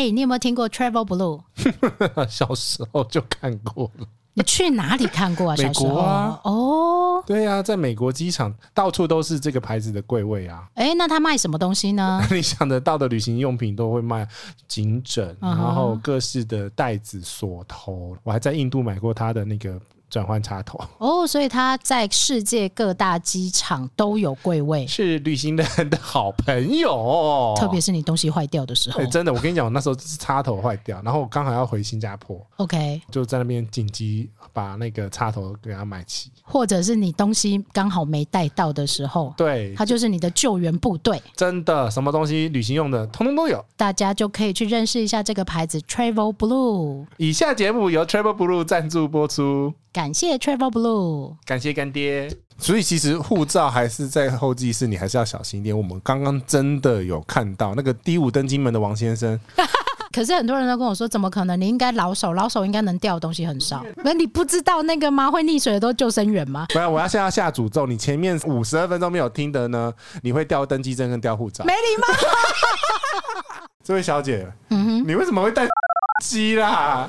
哎、欸，你有沒有聽過 Travel Blue？ 小時候就看過了。你去哪裡看過啊，小時候？美國啊。哦，對啊，在美國機場到處都是這個牌子的櫃位啊。哎、欸，那他賣什麼東西呢？ 你想得到，到的旅行用品都會賣，頸枕，然後各式的袋子、鎖、嗯、頭。我還在印度買過他的那個。轉換插頭哦，oh，所以他在世界各大機場都有櫃位，是旅行的人的好朋友，特別是你東西壞掉的時候，欸，真的，我跟你講，我那時候是插頭壞掉，然後我剛好要回新加坡，OK，就在那邊緊急把那個插頭給他買齊，或者是你東西剛好沒帶到的時候，對，它就是你的救援部隊。真的，什麼東西旅行用的，通通都有。大家就可以去認識一下這個牌子 Travel Blue。以下節目由 Travel Blue 贊助播出。感謝 Travel Blue，感謝乾爹。所以其實護照還是在候機室，你還是要小心一點。我們剛剛真的有看到那個第五登機門的王先生， 可是很多人都跟我說，怎麼可能？你應該老手，老手應該能掉的東西很少。那 你不知道那個嗎？會溺水的都救生員嗎？不 然我要現在下詛咒，你前面五十二分鐘沒有聽得呢，你會掉登機證跟掉護照。沒禮貌。 這位小姐，嗯哼，你為什麼會帶機啦？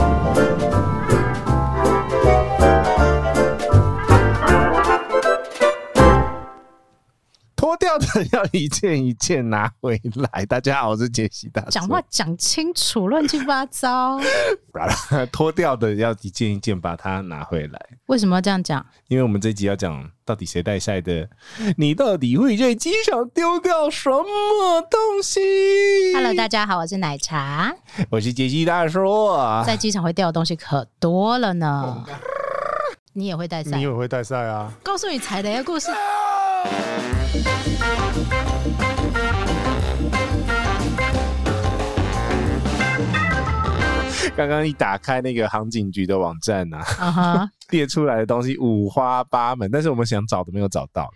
脫掉的要一件一件拿回來。大家好，我是傑西大叔。講話講清楚，亂七八糟。脫 掉的要一件一件把它拿回來。為什麼要這樣講？因為我們這集要講到底誰帶賽的、嗯，你到底會在機場丟掉什麼東西？Hello，大家好，我是奶茶，我是傑西大叔。在機場會掉的東西可多了呢。 你也會帶賽？你也會帶賽啊？告訴你踩雷的一個故事。 剛剛一打開那個航警局的網站哈、啊 uh -huh. 列出來的東西五花八門，但是我們想找都沒有找到，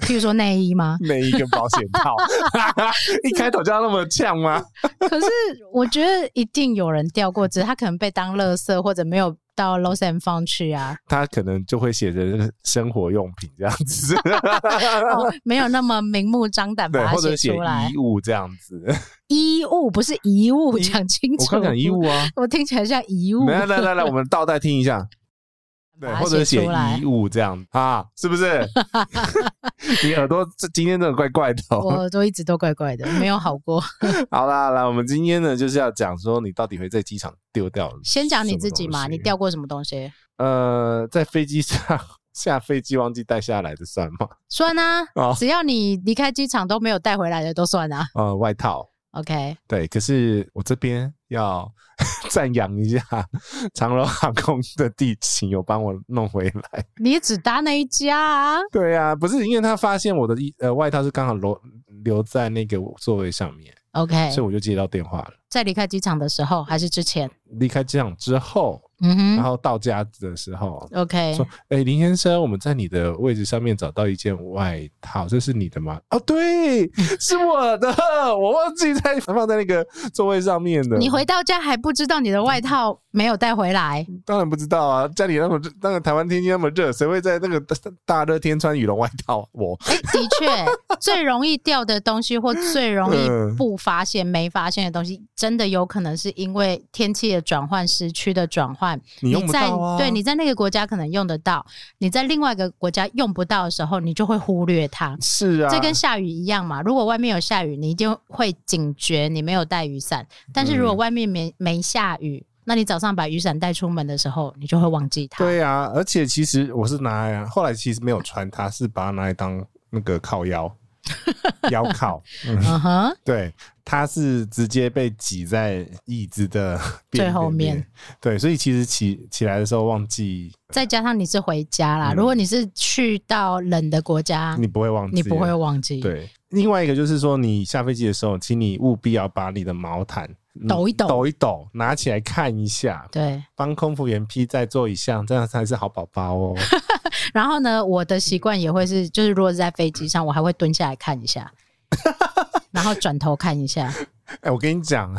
譬如說內衣嗎？內衣跟保險套， 一開頭就要那麼嗆嗎？ 可是我覺得一定有人掉過，只是他可能被當垃圾或者沒有。到 Los Angeles 去啊，他可能就會寫着生活用品這樣子 哦，沒有那麼明目張膽吧，或者寫衣物這樣子，衣物不是遺物，講清楚，我剛講衣物啊，我聽起來像遺物。來來來來，我們倒帶聽一下。 對，或者寫遺物這樣哈、啊、是不是？ 你耳朵，這今天真的怪怪的、喔，我耳朵一直都怪怪的，沒有好過。 好啦、啦，來，我們今天呢就是要講說，你到底會在機場丟掉了。先講你自己嘛，你掉過什麼東西？呃，在飛機上，下飛機忘記帶下來的算嗎？算啊，哦、只要你離開機場都沒有帶回來的都算啊。呃，外套。OK，對，可是我這邊要。 讚揚一下長榮航空的地勤，有幫我弄回來。你只搭那一家啊？對啊，不是因為他發現我的衣呃外套是剛好留留在那個座位上面，OK，所以我就接到電話了。在離開機場的時候還是之前？離開機場之後。嗯哼，然後到家的時候，OK，說：“哎、欸，林先生，我們在你的位置上面找到一件外套，這是你的嗎？哦，對，是我的， 我忘記在放在那個座位上面的。你回到家還不知道你的外套、嗯。”沒有帶回來，當然不知道啊！家裡那麼那個台灣天氣那麼熱，誰會在那個大熱天穿羽絨外套？我、欸、的確， 最容易掉的東西或最容易不發現、嗯、沒發現的東西，真的有可能是因為天氣的轉換、時區的轉換。你，用不到、啊、你在對你在那個國家可能用得到，你在另外一個國家用不到的時候，你就會忽略它。是啊，這跟下雨一樣嘛。如果外面有下雨，你一定會警覺你沒有帶雨傘；但是如果外面沒、嗯、沒下雨，那你早上把雨傘帶出門的時候，你就會忘記它。對啊，而且其實我是拿來，後來其實沒有穿，它是把它拿來當那個靠腰 腰靠。嗯哼，Uh-huh. 對，它是直接被擠在椅子的邊邊最後面。對，所以其實起起來的時候忘記。再加上你是回家啦，嗯、如果你是去到冷的國家，你不會忘記，你不會忘記。對，另外一個就是說，你下飛機的時候，請你務必要把你的毛毯。抖一抖，抖一抖，拿起來看一下，對，幫空服員批再做一下，這樣才是好寶寶哦。 然後呢，我的習慣也會是，就是如果是在飛機上，我還會蹲下來看一下， 然後轉頭看一下。哎、 欸，我跟你講。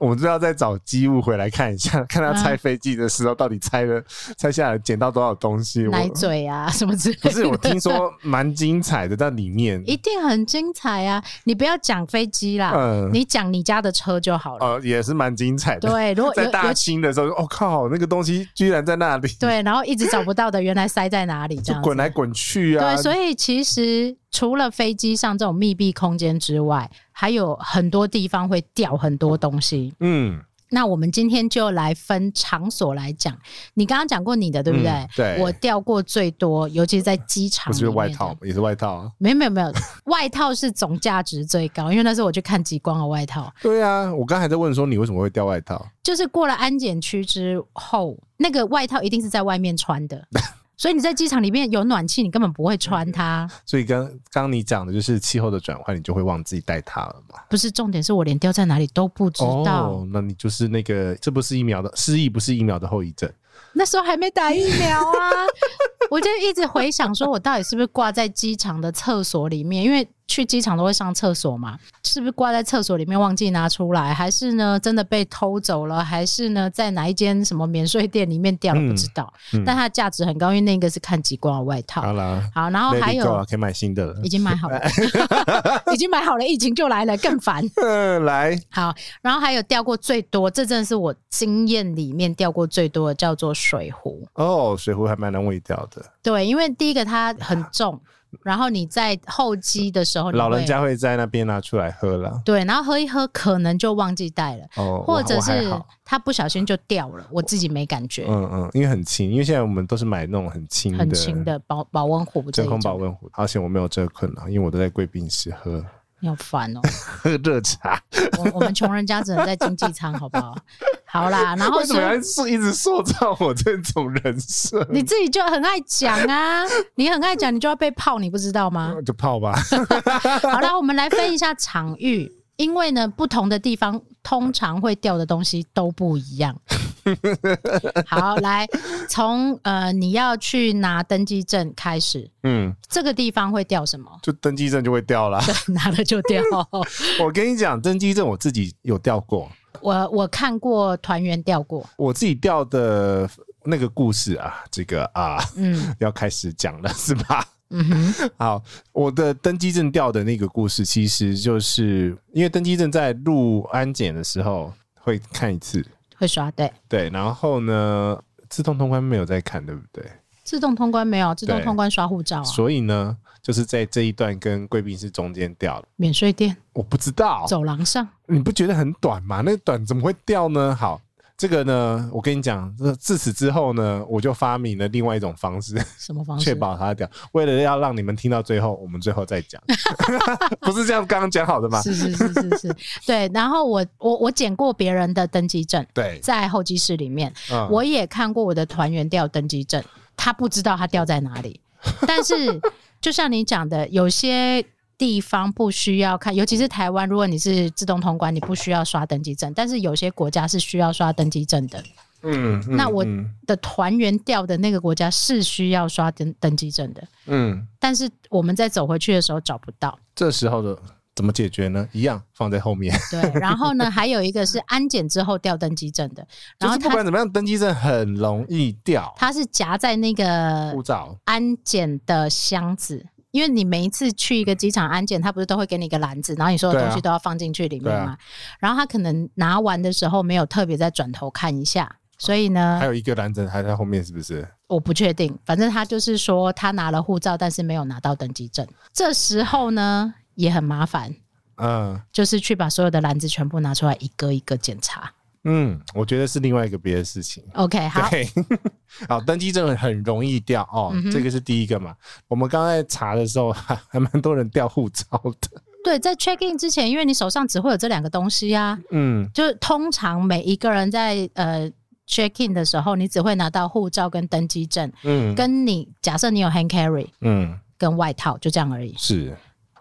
我們就要再找機務回來看一下，看他拆飛機的時候到底拆了拆、啊、下來撿到多少東西。奶嘴啊，什麼之類的。不是，我聽說蠻精彩的在裡面。 一定很精彩啊！你不要講飛機啦，呃、你講你家的車就好了。呃，呃也是蠻精彩的。對，如果在大清的時候，我、喔、靠，那個東西居然在那裡。對，然後一直找不到的，原來塞在哪裡，就滾來滾去啊！對，所以其實。除了飛機上這種密閉空間之外，還有很多地方會掉很多東西。嗯，那我們今天就來分場所來講。你剛剛講過你的，對不對？嗯、對，我掉過最多，尤其是在機場。不是外套，也是外套啊。沒有沒有沒有，外套是總價值最高， 因為那時候我去看極光的外套。對啊，我剛才還在問說你為什麼會掉外套，就是過了安檢區之後，那個外套一定是在外面穿的。 所以你在機場裡面有暖氣，你根本不會穿它。所以剛剛你講的就是氣候的轉換，你就會忘記帶它了嘛？不是，重點是我連丟在哪裡都不知道。哦，那你就是那個，這不是疫苗的失憶，不是疫苗的後遺症。那時候還沒打疫苗啊， 我就一直回想，說我到底是不是掛在機場的廁所裡面？因為。去機場都會上廁所嘛？是不是掛在廁所裡面忘記拿出來，還是呢真的被偷走了，還是呢在哪一間什麼免稅店裡面掉了？了、嗯？不知道，嗯、但它價值很高，因為那個是看極光的外套。好啦好，然後還有可以買新的了，已經買好了， 已經買好了， 疫情就來了，更煩。嗯、呃，來好，然後還有掉過最多，這真的是我經驗裡面掉過最多的，叫做水壺。哦、oh,，水壺還蠻容易掉的。對，因為第一個它很重。Yeah. 然後你在候機的時候，老人家會在那邊拿出來喝了。對，然後喝一喝，可能就忘記帶了，哦，或者是他不小心就掉了，我自己沒感覺。嗯嗯，嗯，因為很輕，因為現在我們都是買那種很輕的、很輕的保保溫壺，真空保溫壺。而且我沒有這個困擾，因為我都在貴賓室喝。要煩哦，喝熱茶。我我們窮人家只能在經濟艙，好不好？好啦，然後為什麼是一直塑造我這種人設？你自己就很愛講啊，你很愛講，你就要被泡，你不知道嗎？就泡吧。好了，我們來分一下場域，因為呢，不同的地方通常會掉的東西都不一樣。 好，來從呃，你要去拿登機證開始。嗯，這個地方會掉什麼？就登機證就會掉啦。拿了就掉。 我跟你講，登機證我自己有掉過，我我看過團員掉過，我自己掉的那個故事啊，這個啊，嗯，要開始講了是吧？嗯哼，好，我的登機證掉的那個故事，其實就是因為登機證在入安檢的時候會看一次。會刷對對，然後呢？自動通關沒有在看，對不對？自動通關沒有，自動通關刷護照啊。所以呢，就是在這一段跟貴賓室中間掉了。免稅店。我不知道。走廊上，你不覺得很短嗎？那個短怎麼會掉呢？好。這個呢，我跟你講，自此之後呢，我就發明了另外一種方式，什麼方式啊？確保它掉，為了要讓你們聽到最後，我們最後再講， 不是這樣剛剛講好的嗎？是是是是是，對。然後我我我撿過別人的登機證，對，在候機室裡面，嗯，我也看過我的團員掉登機證，他不知道他掉在哪裡，但是就像你講的，有些。地方不需要看，尤其是台灣。如果你是自動通關，你不需要刷登機證。但是有些國家是需要刷登機證的。嗯，嗯，那我的團員掉的那個國家是需要刷登登機證的。嗯，但是我們在走回去的時候找不到。這時候的怎麼解決呢？一樣放在後面。對，然後呢， 還有一個是安檢之後掉登機證的。然後它，就是、不管怎麼樣，登機證很容易掉。它是夾在那個護照安檢的箱子。因為你每一次去一個機場安檢，他不是都會給你一個籃子，然後你所有東西都要放進去裡面嘛、啊啊。然後他可能拿完的時候沒有特別再轉頭看一下、哦，所以呢，還有一個籃子還在後面，是不是？我不確定，反正他就是說他拿了護照，但是沒有拿到登機證。這時候呢也很麻煩，嗯，就是去把所有的籃子全部拿出來，一個一個檢查。嗯，我覺得是另外一個別的事情。OK，好。對，好，登機證很容易掉哦、嗯，這個是第一個嘛。我們剛才查的時候還還蠻多人掉護照的。對，在 check in 之前，因為你手上只會有這兩個東西啊。嗯，就是通常每一個人在呃 check in 的時候，你只會拿到護照跟登機證。嗯，跟你假設你有 hand carry，嗯，跟外套就這樣而已。是。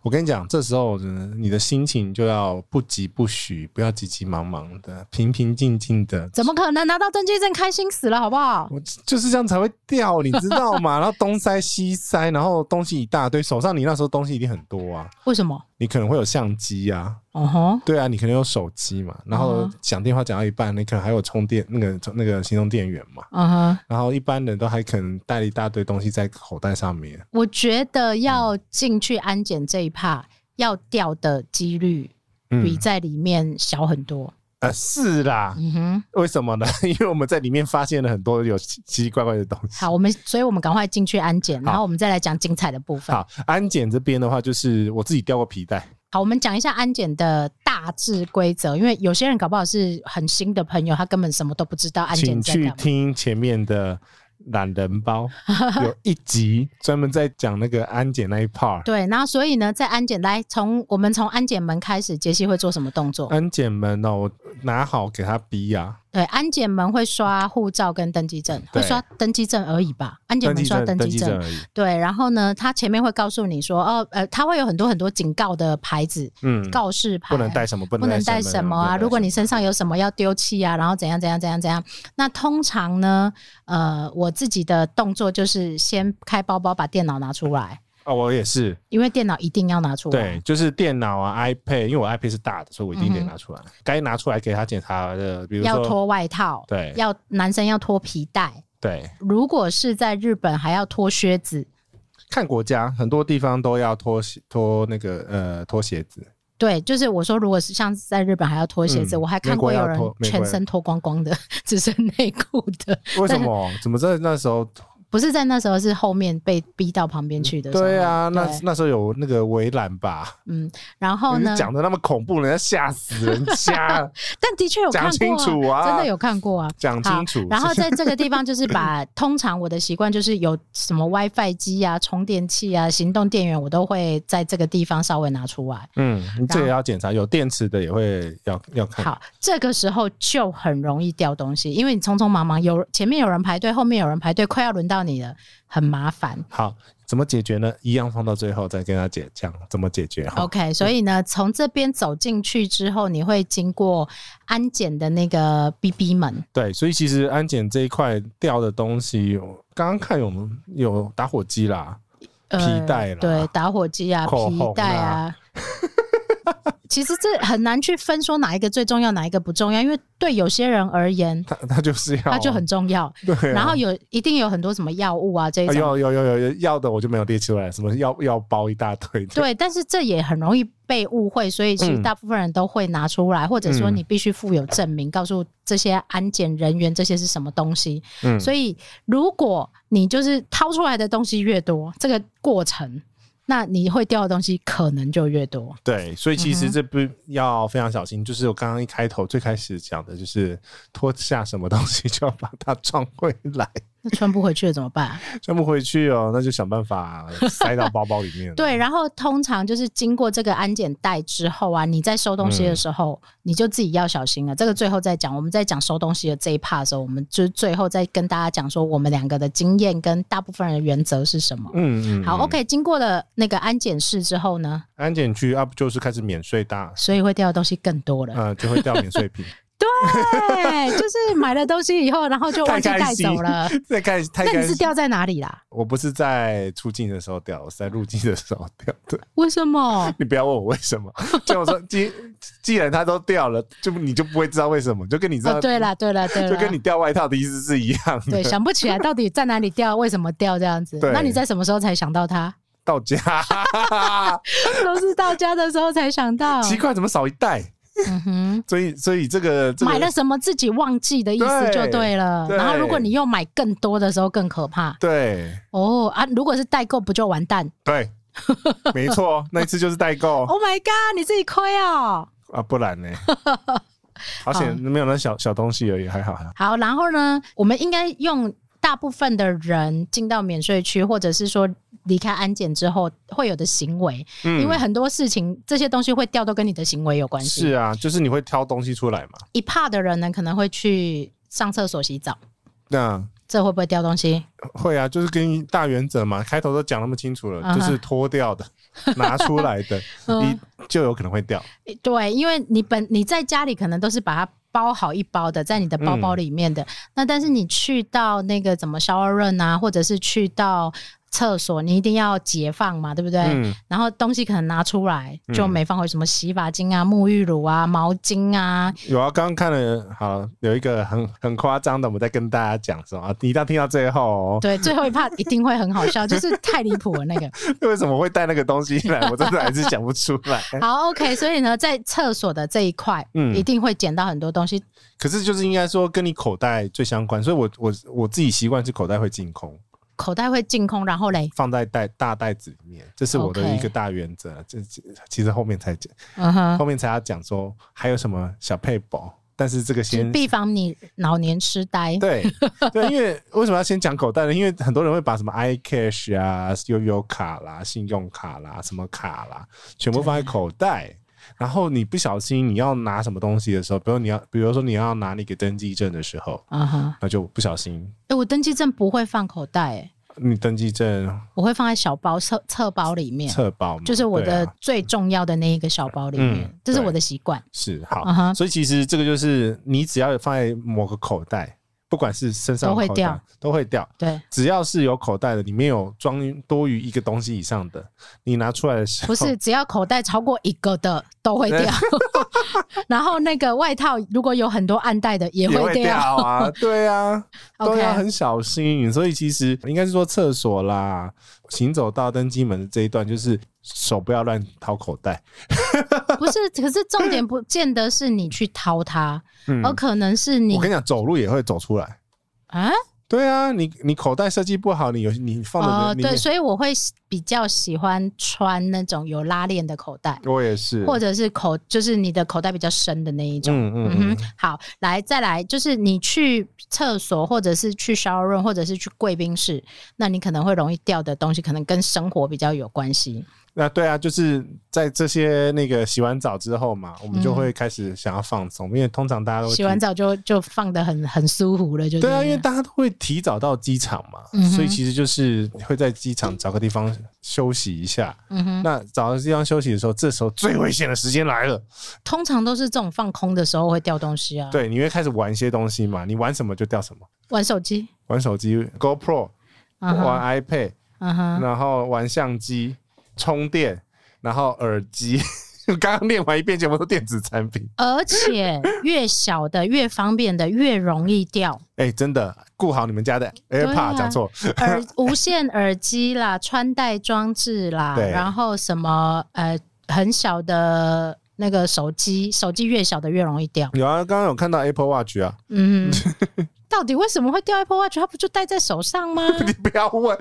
我跟你講，這時候你的心情就要不疾不徐，不要急急忙忙的，平平靜靜的。怎麼可能拿到登機證，開心死了，好不好？我就是這樣才會掉，你知道嗎？ 然後東塞西塞，然後東西一大堆，手上你那時候東西一定很多啊。為什麼？你可能會有相機呀、啊，uh -huh. 對啊，你可能有手機嘛，然後講電話講到一半，uh -huh. 你可能還有充電那個那個行動電源嘛，uh -huh. 然後一般人都還可能帶一大堆東西在口袋上面。我覺得要進去安檢這一趴、嗯，要掉的幾率比在裡面小很多。嗯。呃，是啦、嗯哼，為什麼呢？因為我們在裡面發現了很多有奇奇怪怪的東西。好，我們所以，我們趕快進去安檢，然後我們再來講精彩的部分。好，好安檢這邊的話，就是我自己掉過皮帶。好，我們講一下安檢的大致規則，因為有些人搞不好是很新的朋友，他根本什麼都不知道安檢。請去聽前面的。懶人包有一集專門在講那個安檢那一 part。 對，然後所以呢，在安檢來，從我們從安檢門開始，傑西會做什麼動作？安檢門哦，我拿好給他逼呀、啊。對，安檢門會刷護照跟登機證，會刷登機證而已吧。安檢門刷登機證，登機證對，然後呢，他前面會告訴你說，哦，呃，他會有很多很多警告的牌子、嗯、告示牌，不能帶什麼，不能帶什麼，什麼啊什麼。如果你身上有什麼要丟棄啊，然後怎樣怎樣怎樣怎樣。那通常呢，呃，我自己的動作就是先開包包，把電腦拿出來。哦、我也是，因為電腦一定要拿出來。對，就是電腦啊，iPad，因為我 iPad 是大的，所以我一定得拿出來。該、嗯、拿出來給他檢查的，比如說要脫外套，對，要男生要脫皮帶，對。如果是在日本，還要脫靴子。看國家，很多地方都要脫鞋、脫那個呃脫鞋子。對，就是我說，如果是像在日本還要脫鞋子、嗯，我還看過有人全身脫光光的，只剩內褲的。為什麼？怎麼在那時候？不是在那時候，是後面被逼到旁邊去的、嗯。對啊，對那那時候有那個圍欄吧。嗯，然後呢？講得那麼恐怖，人家嚇死人。家 但的確有看過啊，啊，真的有看過啊，講清楚。然後在這個地方，就是把 通常我的習慣就是有什麼 WiFi 機啊、充電器啊、行動電源，我都會在這個地方稍微拿出來。嗯，這個也要檢查，有電池的也會要要看。好，這個時候就很容易掉東西，因為你匆匆忙忙，有前面有人排隊，後面有人排隊，快要輪到。到你了很麻煩，好，怎麼解決呢？一樣放到最後再跟他解，這樣怎麼解決？OK，所以呢，從、嗯、這邊走進去之後，你會經過安檢的那個 BB 門。對，所以其實安檢這一塊掉的東西，有剛剛看有有打火機啦、皮帶啦、呃，對，打火機啊，皮帶啊。 其實這很難去分說哪一個最重要，哪一個不重要，因為對有些人而言，他他就是要、啊，他就很重要。對、啊，然後有一定有很多什麼藥物啊這些、啊、有有有有藥的我就沒有列出來，什麼藥藥包一大堆。對，但是這也很容易被誤會，所以其實大部分人都會拿出來，嗯、或者說你必須附有證明，告訴這些安檢人員這些是什麼東西。嗯，所以如果你就是掏出來的東西越多，這個過程。那你會掉的東西可能就越多，對，所以其實這不要非常小心。嗯、就是我剛剛一開頭最開始講的，就是脫下什麼東西就要把它裝回來。穿不回去了怎麼辦？穿不回去哦，那就想辦法塞到包包裡面。 對，然後通常就是經過這個安檢帶之後啊，你在收東西的時候，嗯、你就自己要小心了。這個最後再講，我們在講收東西的這一趴的時候，我們就最後再跟大家講說，我們兩個的經驗跟大部分人的原則是什麼？嗯，嗯，嗯，好，OK。經過了那個安檢室之後呢，安檢區啊，不就是開始免稅大，所以會掉的東西更多了，嗯，就會掉免稅品。 對，就是買了東西以後，然後就忘記帶走了。在看，那你是掉在哪裡啦？我不是在出境的時候掉，我是在入境的時候掉的。為什麼？你不要問我為什麼。叫我說，既既然它都掉了，就你就不會知道為什麼，就跟你這、哦……對了，對了，對了，就跟你掉外套的意思是一樣的。對，想不起來到底在哪裡掉，為什麼掉這樣子？那你在什麼時候才想到它？到家， 都是到家的時候才想到。奇怪，怎麼少一袋？嗯哼，所以所以這個、這個、買了什麼自己忘記的意思對，就對了對。然後如果你又買更多的時候更可怕。對，哦啊，如果是代購不就完蛋？對， 沒錯，那一次就是代購。Oh my god，你自己虧哦！啊，不然呢 好？而且沒有那小小東西而已，還好，還好。好，然後呢，我們應該用大部分的人進到免稅區，或者是說。離開安檢之後會有的行為、嗯，因為很多事情這些東西會掉都跟你的行為有關係。是啊，就是你會挑東西出來嘛？一怕的人呢，可能會去上廁所洗澡。那這會不會掉東西？會啊，就是跟大原則嘛，開頭都講那麼清楚了，嗯、就是脫掉的、拿出來的，你 就有可能會掉。嗯、對，因為你本你在家裡可能都是把它包好一包的，在你的包包裡面的。嗯、那但是你去到那個怎麼 shower room 啊，或者是去到。廁所你一定要解放嘛，對不對、嗯？然後東西可能拿出來，就沒放回，什麼洗髮精啊、嗯、沐浴乳啊、毛巾啊。有啊，剛剛看了好有一個很很誇張的，我在跟大家講什麼啊？你一旦聽到最後哦，對，最後一趴一定會很好笑， 就是太離譜了那個。為什麼會帶那個東西來？我真的還是講不出來。 好，OK，所以呢，在廁所的這一塊，嗯，一定會撿到很多東西。可是就是應該說跟你口袋最相關，所以我我我自己習慣是口袋會淨空。口袋會淨空，然後嘞，放在袋大袋子裡面，這是我的一個大原則。這、okay. 其實後面才講，uh -huh. 後面才要講說還有什麼小配寶，但是這個先，以防你老年痴呆。對對， 因為為什麼要先講口袋呢？因為很多人會把什麼 iCash 啊、悠 悠卡啦、信用卡啦、什麼卡啦，全部放在口袋。然後你不小心，你要拿什麼東西的時候，比如你要，比如說你要拿那個登機證的時候，啊哈，那就不小心、欸。我登機證不會放口袋、欸，你登機證我會放在小包側側包裡面，側包就是我的最重要的那一個小包裡面，嗯、這是我的習慣。是好，uh -huh. 所以其實這個就是你只要放在某個口袋。不管是身上口袋都會，都會掉。對，只要是有口袋的，裡面有裝多於一個東西以上的，你拿出來的時候，不是只要口袋超過一個的都會掉， 然後那個外套如果有很多暗袋的也會掉，也會掉啊，對啊，都要很小心。Okay. 所以其實應該是說廁所啦，行走到登機門的這一段就是。手不要亂掏口袋 ，不是，可是重點不見得是你去掏它，嗯、而可能是你。我跟你講，走路也會走出來啊。對啊，你你口袋設計不好，你有你放的東西。哦，對，所以我會比較喜歡穿那種有拉鏈的口袋。我也是，或者是口，就是你的口袋比較深的那一種。嗯嗯，嗯，好，來再來，就是你去廁所，或者是去 shower room，或者是去貴賓室，那你可能會容易掉的東西，可能跟生活比較有關係。那對啊，就是在這些那個洗完澡之後嘛，我們就會開始想要放鬆，嗯、因為通常大家都洗完澡就就放的很很舒服了，就是、對啊，因為大家都會提早到機場嘛、嗯，所以其實就是會在機場找個地方休息一下、嗯哼。那找個地方休息的時候，這時候最危險的時間來了，通常都是這種放空的時候會掉東西啊。對，你會開始玩一些東西嘛？你玩什麼就掉什麼，玩手機，玩手機，GoPro、嗯、玩 iPad、嗯、然後玩相機。充電，然後耳機，剛剛念完一遍全部都電子產品，而且越小的越方便的越容易掉。哎、欸，真的，顧好你們家的 AirPod，講錯、啊，耳無線耳機啦， 穿戴裝置啦，然後什麼呃，很小的那個手機，手機越小的越容易掉。有啊，剛剛有看到 Apple Watch 啊，嗯。 到底為什麼會掉 Apple Watch？它不就戴在手上嗎？ 你不要問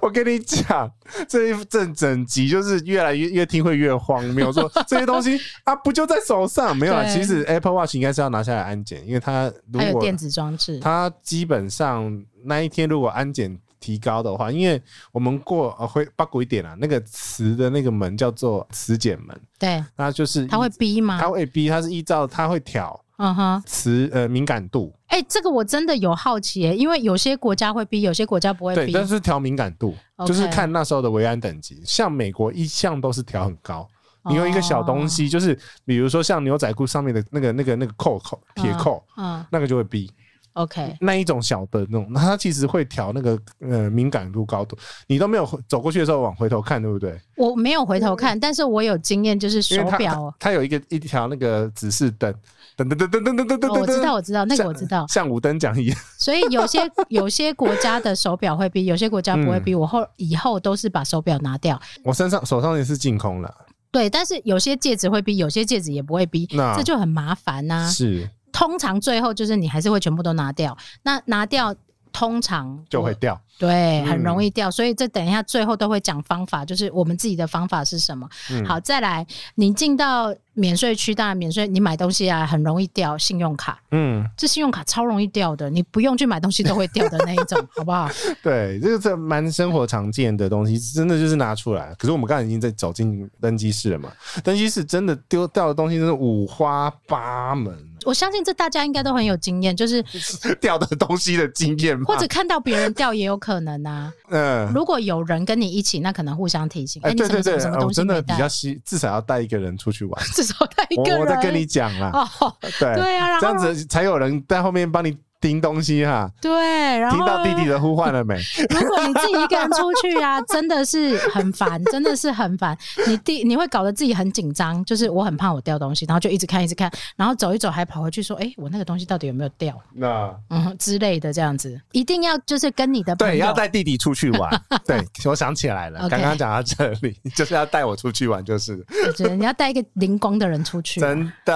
我，跟你講，這一陣整集就是越來越越聽會越慌。沒有說這些東西它、 啊、不就在手上？沒有啊，其實 Apple Watch 應該是要拿下來安檢，因為它如果有電子裝置，它基本上那一天如果安檢提高的話，因為我們過呃會八卦一點啊，那個磁的那個門叫做磁檢門，對，那就是它會逼嗎？它會逼，它是依照它會調，嗯哼，磁呃敏感度。哎、欸，這個我真的有好奇、欸、因為有些國家會逼，有些國家不會逼，但是調敏感度、okay、就是看那時候的維安等級。像美國一向都是調很高，嗯、你有一個小東西、哦，就是比如說像牛仔褲上面的那個、那個、那個扣鐵扣、鐵扣啊，那個就會逼。OK，那一種小的那種，它其實會調那個呃敏感度高度，你都沒有走過去的時候往回頭看，對不對？我沒有回頭看，但是我有經驗，就是手表它，它有一個一條那個指示燈。等等等等等等等等，我知道，我知道，那個我知道，像五等獎一樣。所以有些有些國家的手錶會逼，有些國家不會逼。嗯、我後以後都是把手錶拿掉。我身上手上也是淨空了。對，但是有些戒指會逼，有些戒指也不會逼，這就很麻煩吶、啊。是，通常最後就是你還是會全部都拿掉。那拿掉。通常就會掉，對，很容易掉，嗯、所以這等一下最後都會講方法，就是我們自己的方法是什麼。嗯、好，再來，你進到免稅區，當然免稅你買東西啊，很容易掉信用卡，嗯，這信用卡超容易掉的，你不用去買東西都會掉的那一種， 好不好？對，這個這蠻生活常見的東西，真的就是拿出來。可是我們剛才已經在走進登機室了嘛？登機室真的丟掉的東西真的是五花八門。我相信這大家應該都很有經驗，就是 掉的東西的經驗嘛、嗯，或者看到別人掉也有可能啊。嗯、 呃，如果有人跟你一起，那可能互相提醒。哎、欸欸，對對對，哦、真的比較希，至少要帶一個人出去玩，至少帶一個人。我，我在跟你講啦，哦，對對啊，這樣子才有人在後面幫你。.盯東西哈，對，然後，聽到弟弟的呼喚了沒？ 如果你自己一個人出去啊， 真的是很煩，真的是很煩。你弟你會搞得自己很緊張，就是我很怕我掉東西，然後就一直看，一直看，然後走一走，還跑回去說：“哎、欸，我那個東西到底有沒有掉？”那嗯之類的這樣子，一定要就是跟你的朋友對，要帶弟弟出去玩。 對，我想起來了，剛剛講到這裡就是要帶我出去玩，就是我覺得你要帶一個靈光的人出去，真的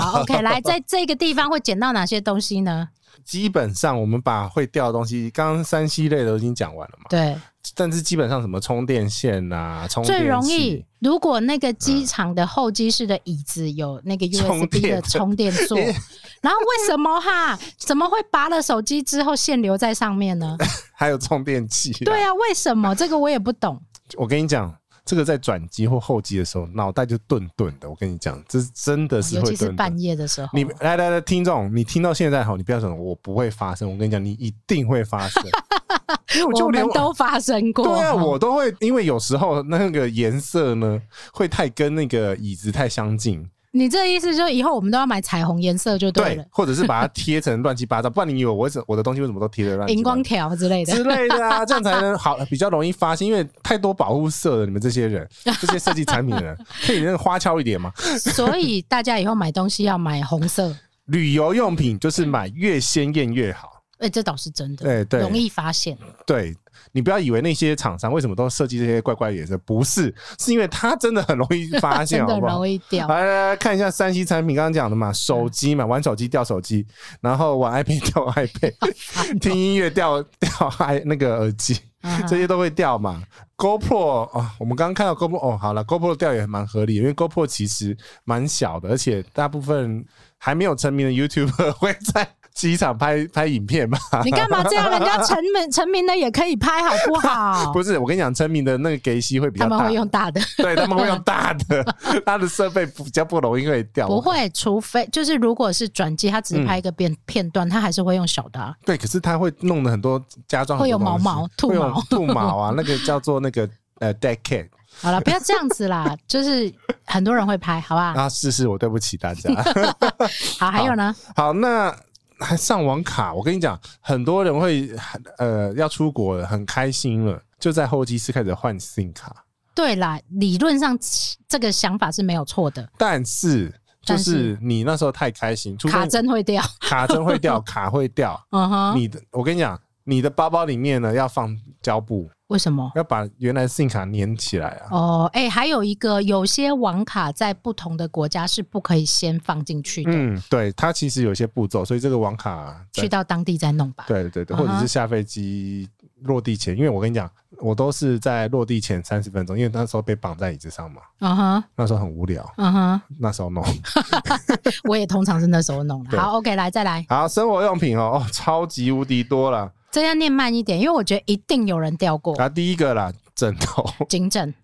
好。OK，來，在這個地方會撿到哪些東西呢？基本上，我們把會掉的東西，剛剛三 C 類的都已經講完了嘛？對。但是基本上，什麼充電線吶、啊、充電器，最容易如果那個機場的候機室的椅子有那個 USB 的充電座，嗯、電然後為什麼哈？ 怎麼會拔了手機之後線留在上面呢？ 還有充電器、啊？對啊，為什麼這個我也不懂？我跟你講。這個在轉機或候機的時候，腦袋就頓頓的。我跟你講，這真的是會頓頓，會。尤其是半夜的時候。你來來來，聽眾，你聽到現在好，你不要想，我不會發生，我跟你講，你一定會發生 我就連都發生過、呃。對啊，我都會，因為有時候那個顏色呢，會太跟那個椅子太相近。你這意思就是以後我們都要買彩虹顏色就對了？對，或者是把它貼成亂七八糟， 不然你以為我怎我的東西為什麼都貼了熒光條之類的，之類的啊，這樣才能好 比較容易發現，因為太多保護色了。你們這些人，這些設計產品的人， 可以那個花俏一點嘛。所以大家以後買東西要買紅色， 旅遊用品就是買越鮮豔越好。哎、欸，這倒是真的，對對，容易發現。對。你不要以為那些廠商為什麼都設計這些怪怪的顏色，不是，是因為它真的很容易發現， 真的容易掉。好好來來來，看一下三 C 產品，剛剛講的嘛，手機嘛，玩手機掉手機，然後玩 iPad 掉 iPad， 聽音樂掉掉 i 那個耳機，這些都會掉嘛。GoPro 啊，啊 GoPro，哦，我們剛剛看到 GoPro 哦，好了，GoPro 掉也蠻合理，因為 GoPro 其實蠻小的，而且大部分還沒有成名的 YouTuber 會在。機場拍拍影片嘛。你幹嘛這樣？人家成名，成名的也可以拍，好不好？ 不是，我跟你講，成名的那個機器會比較大。他們會用大的，對他們會用大的， 他的設備比較不容易會掉。不會，除非就是如果是轉機，他只拍一個片、嗯、片段，他還是會用小的、啊。對，可是他會弄的很多加裝會有毛毛、兔毛、兔毛啊，那個叫做那個呃 dead cat，好了，不要這樣子啦， 就是很多人會拍，好不好？是、啊、是我對不起大家 好。好，還有呢？好，好那。還上網卡，我跟你講，很多人會呃、要出國了，很開心了，就在候機室開始換 SIM 卡。對啦，理論上這個想法是沒有錯的，但是就是你那時候太開心，卡針會掉，卡針會掉，卡會掉。嗯哼，你的，我跟你講，你的包包裡面呢要放膠布。為什麼要把原來 SIM 卡粘起來啊？哦，哎、欸，還有一個，有些網卡在不同的國家是不可以先放進去的。嗯，對，它其實有些步驟，所以這個網卡去到當地再弄吧。對對對,對，或者是下飛機落地前，uh -huh. 因為我跟你講，我都是在落地前三十分鐘，因為那時候被綁在椅子上嘛。嗯哼，那時候很無聊。嗯哼，那時候弄。 我也通常是那時候弄的。好，OK，來，再來。好，生活用品哦，哦，超級無敵多了。所以要念慢一點，因為我覺得一定有人掉過。他、啊、第一個啦，枕頭，頸枕，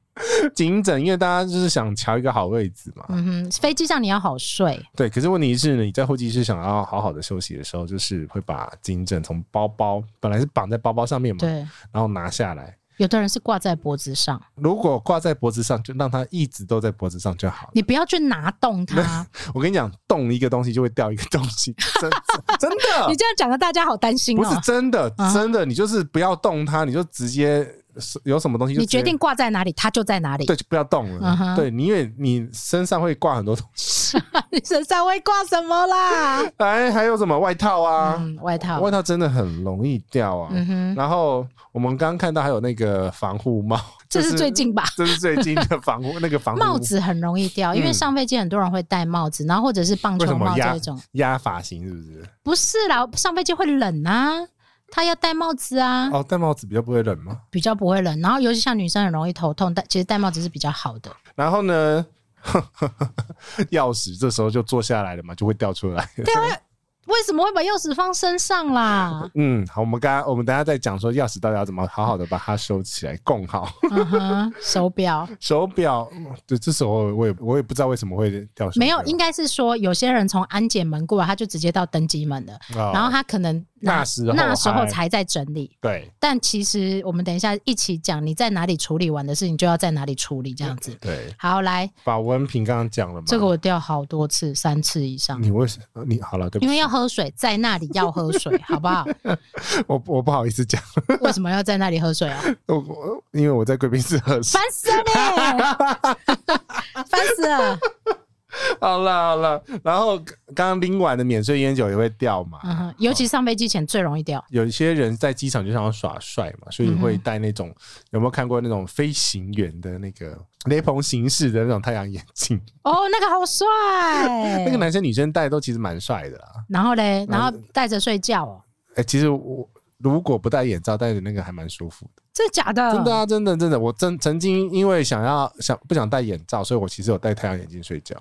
頸 枕，因為大家就是想瞧一個好位置嘛。嗯哼，飛機上你要好睡。對，可是問題是你在候機室想要好好的休息的時候，就是會把頸枕從包包本來是綁在包包上面嘛，對，然後拿下來。有的人是掛在脖子上，如果掛在脖子上，就讓它一直都在脖子上就好。你不要去拿動它。 我跟你講，動一個東西就會掉一個東西，真的。 真的 你這樣講的，大家好擔心啊。不是真的，真的，你就是不要動它，你就直接。是有什麼東西？你決定掛在哪裡，它就在哪裡。對，就不要動了。Uh -huh. 對，因為你身上會掛很多東西。 你身上會掛什麼啦？哎，還有什麼外套啊、嗯？外套，外套真的很容易掉啊。嗯、然後我們剛剛看到還有那個防護帽這，這是最近吧？這是最近的防護 那個防護帽子很容易掉，因為上飛機很多人會戴帽子、嗯，然後或者是棒球帽這種壓髮型，是不是？不是啦，不上飛機會冷啊。他要戴帽子啊！哦，戴帽子比較不會冷嗎？比較不會冷，然後尤其像女生很容易頭痛，戴其實戴帽子是比較好的。然後呢，鑰匙這時候就坐下來了嘛，就會掉出來。對啊，為什麼會把鑰匙放身上啦？嗯，好，我們剛剛我們等下再講說鑰匙到底要怎麼好好的把它收起來，供好。Uh -huh, 手錶，手錶，對，這時候我我也我也不知道為什麼會掉。沒有，應該是說有些人從安檢門過來，他就直接到登機門了，然後他可能。那，那時候那時候才在整理，對。但其實我們等一下一起講，你在哪裡處理完的事情，就要在哪裡處理，這樣子對。對。好，來。保溫瓶剛剛講了嗎？這個我掉好多次，三次以上。你為什麼你好了，因為要喝水，在那裡要喝水， 好不好？我我不好意思講。 為什麼要在那裡喝水啊？我我因為我在貴賓室喝水，煩死， 死了，煩死了。好了好了，然後剛剛賓館的免稅菸酒也會掉嘛？嗯、尤其上飛機前最容易掉。哦、有些人在機場就想要耍帥嘛，所以會戴那種、嗯、有沒有看過那種飛行員的那個雷朋形式的那種太陽眼鏡？哦，那個好帥！ 那個男生女生戴都其實蠻帥的啦、啊。然後嘞，然後戴着睡覺哦。哎、欸，其實我如果不戴眼罩，戴着那個還蠻舒服的。真的假的？真的、啊、真的真的，我真曾經因為想要想不想戴眼罩，所以我其實有戴太陽眼鏡睡覺。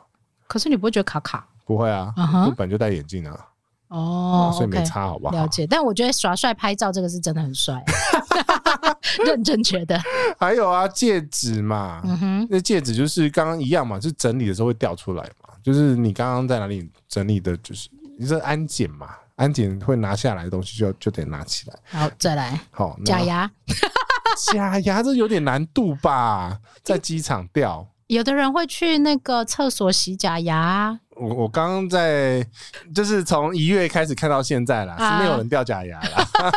可是你不會覺得卡卡？不會啊，我、嗯、本來就戴眼鏡啊。哦，所以沒差好不好？了解。但我覺得耍帥拍照這個是真的很帥 認真覺得。還有啊，戒指嘛，那、嗯、戒指就是剛剛一樣嘛，就整理的時候會掉出來嘛。就是你剛剛在哪裡整理的，就是你說安檢嘛？安檢會拿下來的東西就，就就得拿起來。好，再來。好，假牙， 假牙這有點難度吧？在機場掉。有的人會去那個廁所洗假牙我。我我剛剛在，就是從一月開始看到現在啦，是沒有人掉假牙啦、啊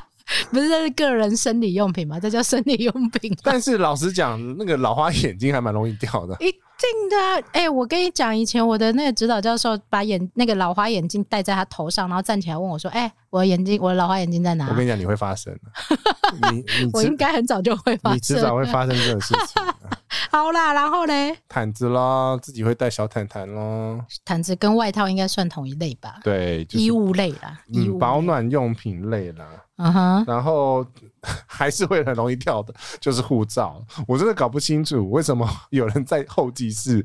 不是，這是個人生理用品嘛？這叫生理用品、啊。但是老實講，那個老花眼鏡還蠻容易掉的。一定的哎、欸，我跟你講，以前我的那個指導教授把眼那個老花眼鏡戴在他頭上，然後站起來問我說：“哎、欸，我的眼鏡，我的老花眼鏡在哪？”我跟你講，你會發生。 你，你我應該很早就會發生。你 遲早會發生這種事情。 好啦，然後呢？毯子咯，自己會帶小毯毯咯。毯子跟外套應該算同一類吧？對，就是、衣物類啦衣物類，你保暖用品類啦。Uh -huh. 然後還是會很容易掉的就是護照。我真的搞不清楚為什麼有人在候機室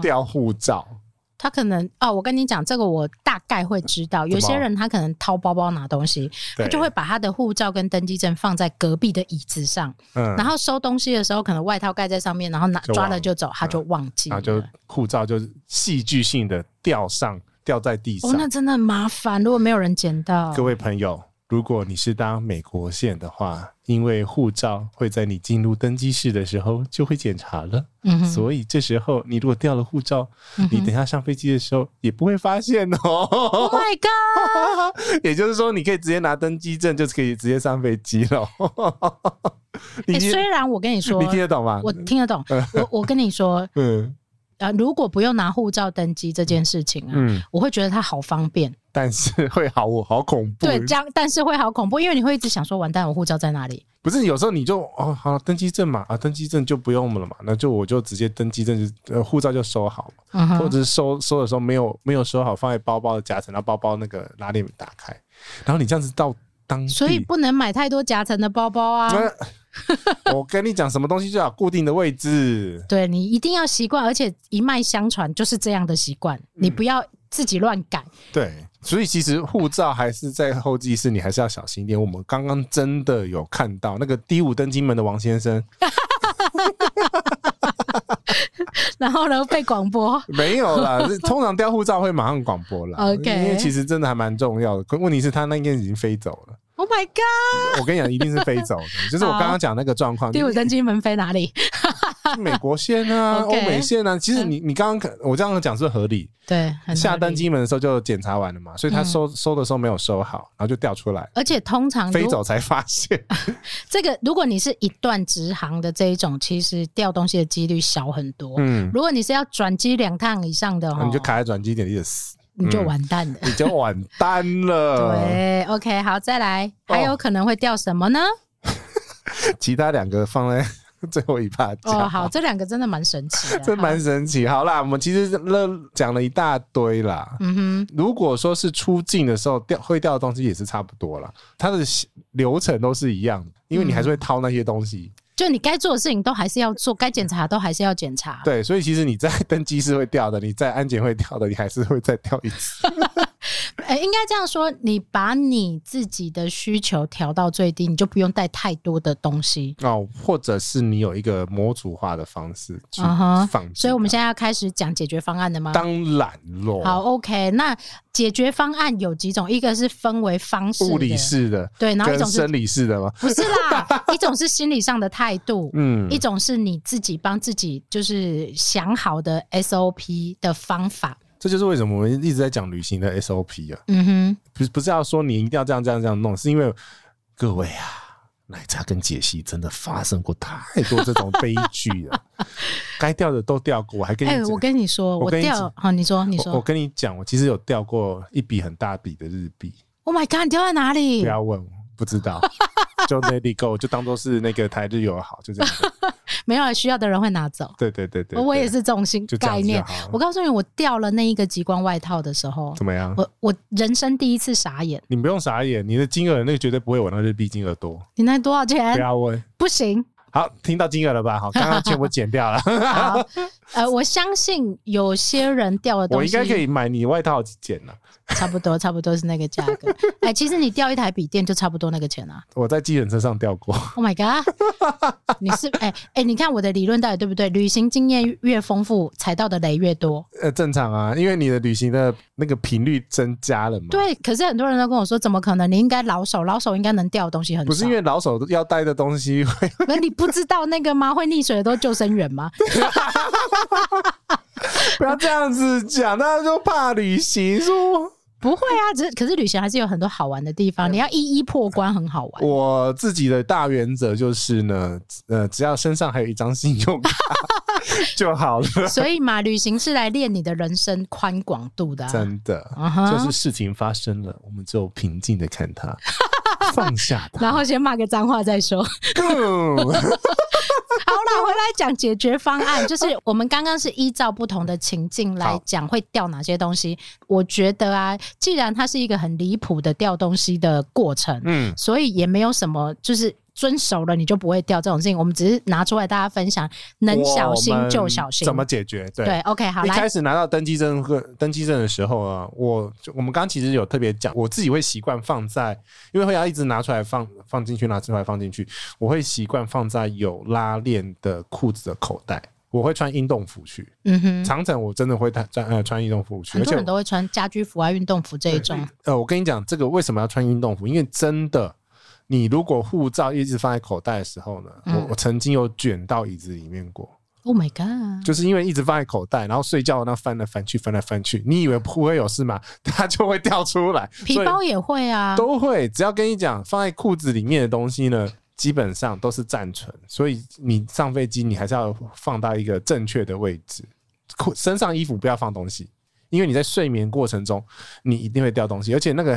掉護照？嗯。他可能哦，我跟你講，這個我大概會知道。有些人他可能掏包包拿東西，他就會把他的護照跟登機證放在隔壁的椅子上。嗯。然後收東西的時候，可能外套蓋在上面，然後拿抓了就走，他就忘記他、嗯、就護照就是戲劇性的掉上掉在地上。哦，那真的很麻煩。如果沒有人撿到，各位朋友。如果你是當美國線的話，因為護照會在你進入登機室的時候就會檢查了、嗯，所以這時候你如果掉了護照、嗯，你等下上飛機的時候也不會發現哦。Oh my god！ 也就是說，你可以直接拿登機證就可以直接上飛機了、 欸。雖然我跟你說，你聽得懂嗎？我聽得懂。 我我跟你說。嗯。啊，如果不用拿護照登機這件事情啊，嗯，我會覺得它好方便，但是會好好恐怖。對，這樣。但是會好恐怖，因為你會一直想說，完蛋，我護照在哪裡？不是，有時候你就哦，好了，登機證嘛，啊，登機證就不用了嘛，那就我就直接登機證，護、呃、護照就收好嘛，uh-huh. 或者是收收的時候沒有沒有收好，放在包包的夾層，然後包包那個拉鏈打開，然後你這樣子到當地，所以不能買太多夾層的包包啊。嗯 我跟你講，什麼東西就要固定的位置？對你一定要習慣，而且一脈相傳就是這樣的習慣，嗯。你不要自己亂改。對，所以其實護照還是在候機室，你還是要小心一點。 我們剛剛真的有看到那個第五登機門的王先生， 然後呢被廣播 沒有啦，通常掉護照會馬上廣播了， okay. 因為其實真的還蠻重要的。可問題是，他那應該已經飛走了。Oh my god！、嗯、我跟你講，一定是飛走的， 就是我剛剛講那個狀況、哦。第五登機門飛哪裡？哈 哈美國線啊，歐、okay, 美線啊。其實你、嗯、你剛剛我這樣講是合理。對。下登機門的時候就檢查完了嘛，所以他收、嗯、收的時候沒有收好，然後就掉出來。而且通常飛走才發現。這個如果你是一段直航的這一種，其實掉東西的幾率小很多。嗯。如果你是要轉機兩趟以上的哈，你就卡在轉機點，你就死。你就完蛋了、嗯，你就完蛋了 對。對，OK，好，再來，還有可能會掉什麼呢？哦、其他兩個放在最後一趴。哦，好，這兩個真的蠻神、神奇的，這蠻神奇。好啦，我們其實樂講了一大堆啦。嗯哼，如果說是出境的時候掉，會掉的東西也是差不多啦。它的流程都是一樣，因為你還是會掏那些東西。嗯就你該做的事情都還是要做，該檢查都還是要檢查。對，所以其實你在登機是會掉的，你在安檢會掉的，你還是會再掉一次。 哎、欸，應該這樣說，你把你自己的需求調到最低，你就不用帶太多的東西哦，或者是你有一個模組化的方式去、啊，去哈，放。所以，我們現在要開始講解決方案了嗎？當然囉。好，OK，那解決方案有幾種？一個是分為方式的，物理式的，對，然後一種是跟生理式的嗎？不是啦， 一種是心理上的態度，嗯，一種是你自己幫自己，就是想好的 SOP 的方法。這就是為什麼我們一直在講旅行的 SOP 啊。嗯哼，不不是要說你一定要這樣這樣這樣弄，是因為各位啊，奶茶跟傑西真的發生過太多這種悲劇了， 該掉的都掉過。我還跟哎、欸，我跟你說，我掉好、哦，你說你說我，我跟你講，我其實有掉過一筆很大筆的日幣。Oh my god，你掉在哪裡？不要問，我不知道。 就那利夠，就當做是那個台日友好，就這樣。 沒有、啊，需要的人會拿走。對對對對，對，我也是這種新，概念。就就我告訴你，我掉了那一個極光外套的時候，怎麼樣？我我人生第一次傻眼。你不用傻眼，你的金額那個絕對不會我那日幣金額多。你那多少錢？不要問。不行。好，聽到金額了吧？好，剛剛全部剪掉了。 好，呃，我相信有些人掉了。 我應該可以買你外套幾件了。差不多，差不多是那個價格。哎、欸，其實你掉一台筆電就差不多那個錢啊。我在計程車上掉過。Oh my god！你是哎哎、欸欸，你看我的理論到底對不對？旅行經驗越豐富，踩到的雷越多。呃，正常啊，因為你的旅行的那個頻率增加了嘛。對，可是很多人都跟我說，怎麼可能？你應該老手，老手應該能掉的東西很多。不是因為老手要帶的東西會。你不知道那個嗎？會溺水的都救生員嗎？ 不要這樣子講，大家就怕旅行說。不會啊，只是可是旅行還是有很多好玩的地方，嗯、你要一一破關，很好玩。我自己的大原則就是呢，呃，只要身上還有一張信用卡就好了。 所以嘛，旅行是來練你的人生寬廣度的，啊，真的，uh-huh。就是事情發生了，我們就平靜的看他，放下他， 然後先罵個髒話再說。 好啦，拉回來講解決方案，就是我們剛剛是依照不同的情境來講會掉哪些東西。我覺得啊，既然它是一個很離譜的掉東西的過程，嗯，所以也沒有什麼就是。遵守了你就不會掉這種事情，我們只是拿出來大家分享，能小心就小心。怎麼解決？對對，OK，好。一開始拿到登機證、登機證的時候啊，我我們剛剛其實有特別講，我自己會習慣放在，因為會要一直拿出來放放進去，拿出來放進去，我會習慣放在有拉鏈的褲子的口袋。我會穿運動服去，嗯哼，長程我真的會穿呃穿運動服去，很多人都會穿家居服啊運動服這一種。呃，我跟你講，這個為什麼要穿運動服？因為真的。你如果護照一直放在口袋的時候呢，我我曾經有捲到椅子裡面過。Oh my god！就是因為一直放在口袋，然後睡覺那翻來翻去，翻來翻去，你以為不會有事嗎？它就會掉出來。皮包也會啊，都會。只要跟你講，放在褲子裡面的東西呢，基本上都是暫存。所以你上飛機，你還是要放到一個正確的位置。褲身上衣服不要放東西，因為你在睡眠過程中，你一定會掉東西，而且那個。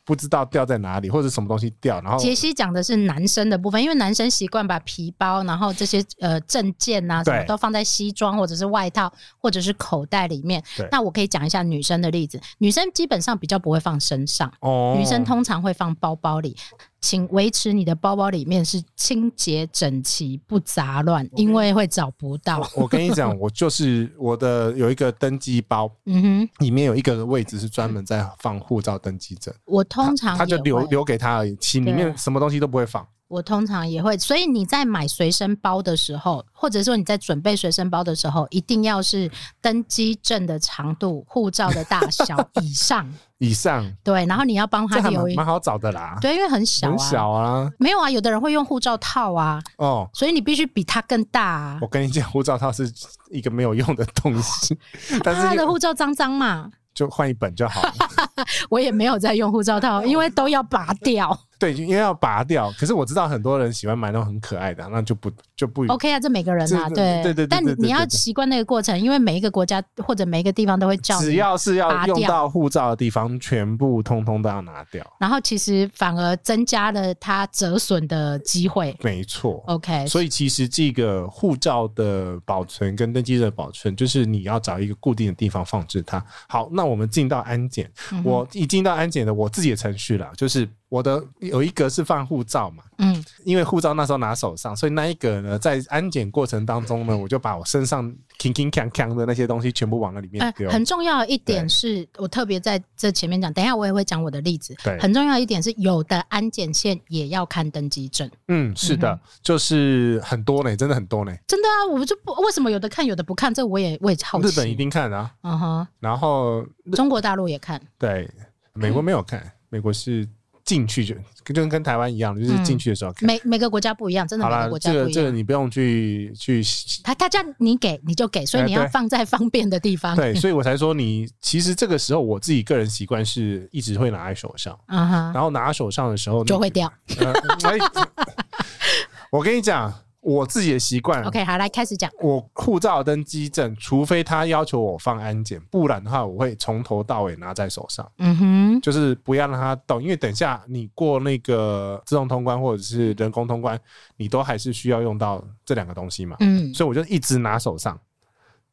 不知道掉在哪裡或者什麼東西掉，然後傑西講的是男生的部分，因為男生習慣把皮包，然後這些呃證件吶、啊，什麼都放在西裝或者是外套或者是口袋裡面。那我可以講一下女生的例子，女生基本上比較不會放身上，哦、女生通常會放包包裡，請維持你的包包裡面是清潔整齊不雜亂，okay, 因為會找不到。我跟你講， 我就是我的有一個登機包，嗯哼，裡面有一個位置是專門在放護照登機證、嗯，我通。通常他就留留給他而已，其裡面什麼東西都不會放。我通常也會，所以你在買隨身包的時候，或者說你在準備隨身包的時候，一定要是登機證的長度、護照的大小以上。 以上對，然後你要幫他留意，蠻好找的啦。對，因為很小啊，很小啊。沒有啊，有的人會用護照套啊。哦，所以你必須比他更大啊。我跟你講，護照套是一個沒有用的東西。 他的護照髒髒嘛。就換一本就好了。 我也沒有在用護照套。 因為都要拔掉。對，因為要拔掉。可是我知道很多人喜歡買那種很可愛的、啊，那就不就不 OK 啊！這每個人嘛、啊，對對對，對。但你你要習慣那個過程對對對對對，因為每一個國家或者每一個地方都會叫，只要是要用到護照的地方，全部通通都要拿掉。然後其實反而增加了它折損的機會。沒錯，OK。所以其實這個護照的保存跟登機證的保存，就是你要找一個固定的地方放置它。好，那我們進到安檢、嗯，我已進到安檢的我自己的程序了，就是。我的有一格是放護照嘛，嗯，因為護照那時候拿手上，所以那一格呢，在安檢過程當中呢，我就把我身上鏗鏗鏘鏘的那些東西全部往那裡面丟，欸。很重要一點是我特別在這前面講，等一下我也會講我的例子。很重要一點是有的安檢線也要看登機證。嗯，是的，嗯，就是很多呢，真的很多呢。真的啊，我就不為什麼有的看有的不看，這我也我也好奇。日本一定看啊。嗯，uh，哼 -huh。然後中國大陸也看。對，美國沒有看，嗯，美國是。進去就就跟跟台灣一樣，嗯、就是進去的時候，okay、每每個國家不一樣，真的每個國家不一樣。這個這個你不用去去，他他叫你給你就給，所以你要放在方便的地方。對，對所以我才說你其實這個時候我自己個人習慣是一直會拿在手上、嗯，然後拿手上的時候你就會掉。呃、我跟你講。 我自己的習慣。OK，好，來開始講。我護照、登機證，除非他要求我放安檢，不然的話，我會從頭到尾拿在手上。嗯哼，就是不要讓它動，因為等一下你過那個自動通關或者是人工通關，你都還是需要用到這兩個東西嘛。嗯，所以我就一直拿手上。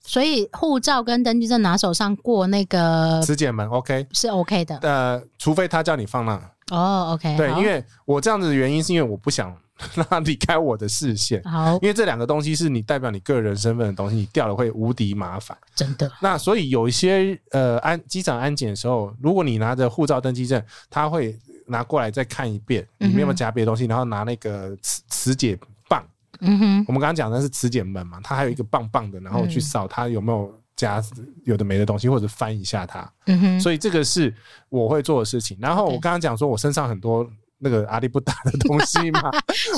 所以護照跟登機證拿手上過那個質檢門，OK 是 OK 的。呃，除非他叫你放那。哦、oh，OK 對。對，因為我這樣子的原因是因為我不想。那 離開我的視線，因為這兩個東西是你代表你個人身份的東西，你掉了會無敵麻煩。真的。那所以有一些呃安機場安檢的時候，如果你拿着護照登機證，他會拿過來再看一遍，裡面有沒有夾別的東西，嗯，然後拿那個磁磁檢棒。嗯哼。我們剛剛講的是磁解門嘛，它還有一個棒棒的，然後去掃它有沒有夾有的沒的東西，或者翻一下它。嗯哼。所以這個是我會做的事情。然後我剛剛講說我身上很多。那個阿里不達的東西嘛，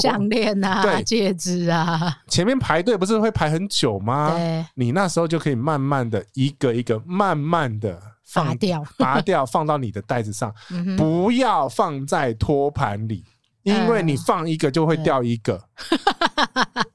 項 鏈啊，對，戒指啊。前面排隊不是會排很久嗎？你那時候就可以慢慢的一個一個慢慢的放掉，拔掉， 放到你的袋子上，嗯、不要放在托盤裡、嗯，因為你放一個就會掉一個。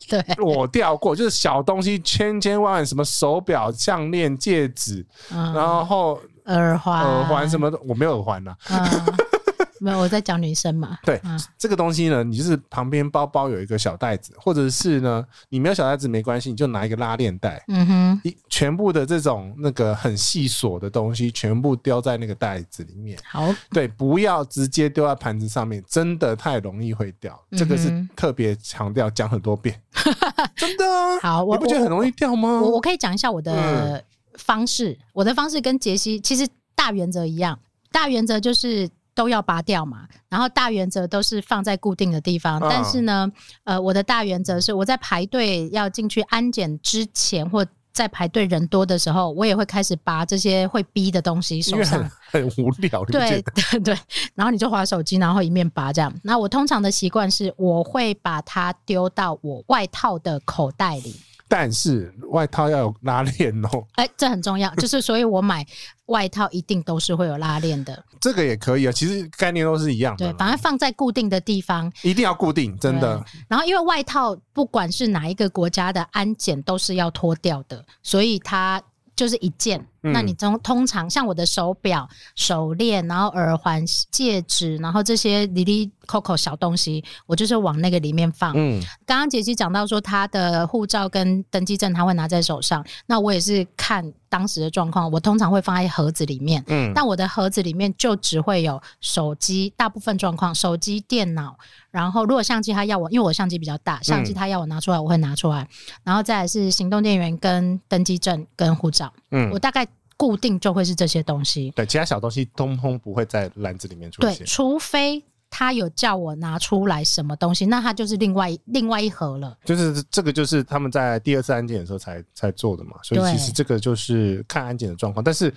對， 對我掉過，就是小東西千千萬萬，什麼手表、項鏈、戒指，嗯、然後耳環、耳環什麼的，我沒有耳環啊。嗯 沒有，我在講女生嘛。對、啊、這個東西呢，你就是旁邊包包有一個小袋子，或者是呢，你沒有小袋子沒關係，你就拿一個拉鏈袋。嗯哼，全部的這種那個很細瑣的東西，全部丟在那個袋子裡面。好，對，不要直接丟在盤子上面，真的太容易會掉。嗯、這個是特別強調講很多遍， 真的、啊。 好我，你不覺得很容易掉嗎？我我，我可以講一下我的方式，嗯、我的方式跟杰西其實大原則一樣，大原則就是。都要拔掉嘛，然後大原則都是放在固定的地方。啊、但是呢，呃，我的大原則是我在排隊要進去安檢之前，或在排隊人多的時候，我也會開始拔這些會逼的東西，手上很，很無聊。對對對，然後你就滑手機，然後一面拔這樣。那我通常的習慣是，我會把它丟到我外套的口袋裡。但是外套要有拉鏈哦！哎，這很重要，就是所以我買外套一定都是會有拉鏈的 。這個也可以啊、喔，其實概念都是一樣。對，把它放在固定的地方，一定要固定，真的。然後，因為外套不管是哪一個國家的安檢都是要脫掉的，所以它就是一件。那你通通常像我的手錶、手鏈，然後耳環、戒指，然後這些哩哩扣扣小東西，我就是往那個裡面放。嗯，剛剛杰西講到說他的護照跟登機證他會拿在手上，那我也是看。當時的狀況，我通常會放在盒子裡面。嗯，但我的盒子裡面就只會有手機，大部分狀況手機、電腦。然後，如果相機他要我，因為我相機比較大，相機他要我拿出來，我會拿出來。嗯、然後再來是行動電源、跟登機證、跟護照。嗯，我大概固定就會是這些東西。對，其他小東西通通不會在籃子裡面出現，除非。他有叫我拿出來什麼東西，那他就是另外另外一盒了。就是這個，就是他們在第二次安檢的時候才才做的嘛。所以其實這個就是看安檢的狀況，但是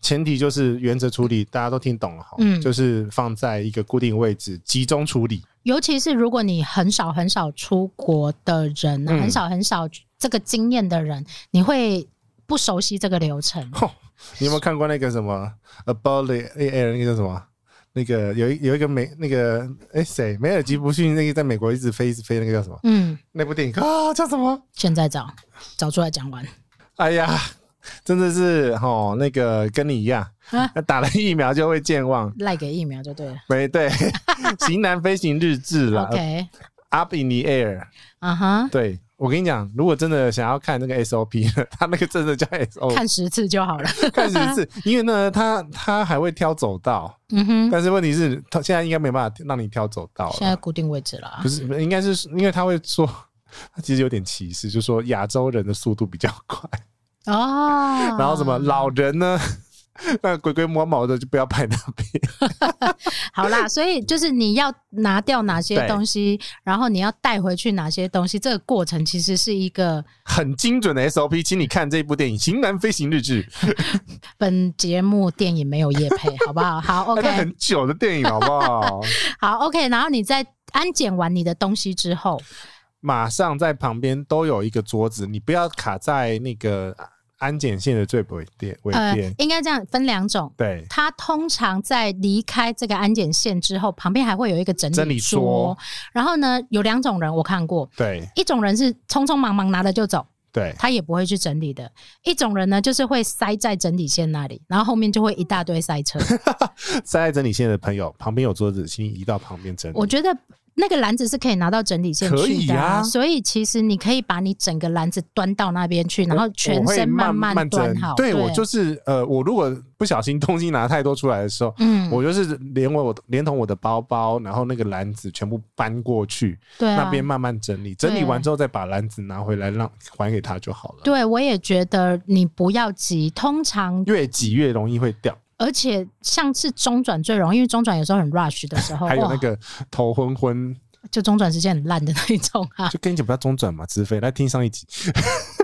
前提就是原則處理，大家都聽懂了哈。嗯，就是放在一個固定位置集中處理。尤其是如果你很少很少出國的人，啊嗯，很少很少這個經驗的人，你會不熟悉這個流程。哦，你有沒有看過那個什麼？About the Air 那個叫什麼？那個有有一，有一個美那個哎誰梅爾吉布遜那個在美國一直飛一直飛那個叫什麼？嗯，那部電影啊叫什麼？現在找找出來講完。哎呀，真的是哦，那個跟你一樣、啊，打了疫苗就會健忘，賴給疫苗就對了。沒對，型 男飛行日志了 ，Up in the air，啊、uh、哈 -huh，對。我跟你講，如果真的想要看那個 SOP，他那個真的叫 SOP。看十次就好了， 看十次，因為呢，他他還會挑走道。嗯哼。但是問題是他現在應該沒辦法讓你挑走道了。現在固定位置了啊。不是，應該是因為他會說，他其實有點歧視，就說亞洲人的速度比較快。哦。 然後什麼，老人呢？嗯那鬼鬼摸毛的就不要拍那邊 好啦，所以就是你要拿掉哪些東西，然後你要帶回去哪些東西，這個過程其實是一個很精準的 SOP。請你看這一部電影《型男飛行日誌》 。本節目電影沒有業配，好不好？好，OK。 很久的電影，好不好？ 好，OK。然後你在安檢完你的東西之後，馬上在旁邊都有一個桌子，你不要卡在那個。安檢線的最尾端，呃，應該這樣分兩種。對，他通常在離開這個安檢線之後，旁邊還會有一個整理桌。整理桌然後呢，有兩種人，我看過。對，一種人是匆匆忙忙拿了就走，對，他也不會去整理的。一種人呢，就是會塞在整理線那裡，然後後面就會一大堆塞車。 塞在整理線的朋友，旁邊有桌子，請移到旁邊整理。我覺得。那個籃子是可以拿到整理線去的可以、啊，所以其實你可以把你整個籃子端到那邊去，然後全身慢，慢慢慢整好對，對我就是呃，我如果不小心東西拿太多出來的時候，嗯，我就是連我連同我的包包，然後那個籃子全部搬過去，對、啊，那邊慢慢整理，整理完之後再把籃子拿回來，讓還給他就好了。對，我也覺得你不要急，通常越急越容易會掉。而且像是中轉最容易，因為中轉有時候很 rush 的時候， 還有那個頭昏昏。就中轉時間很爛的那一種啊，就跟你講不要中轉嘛，直飛來聽上一集。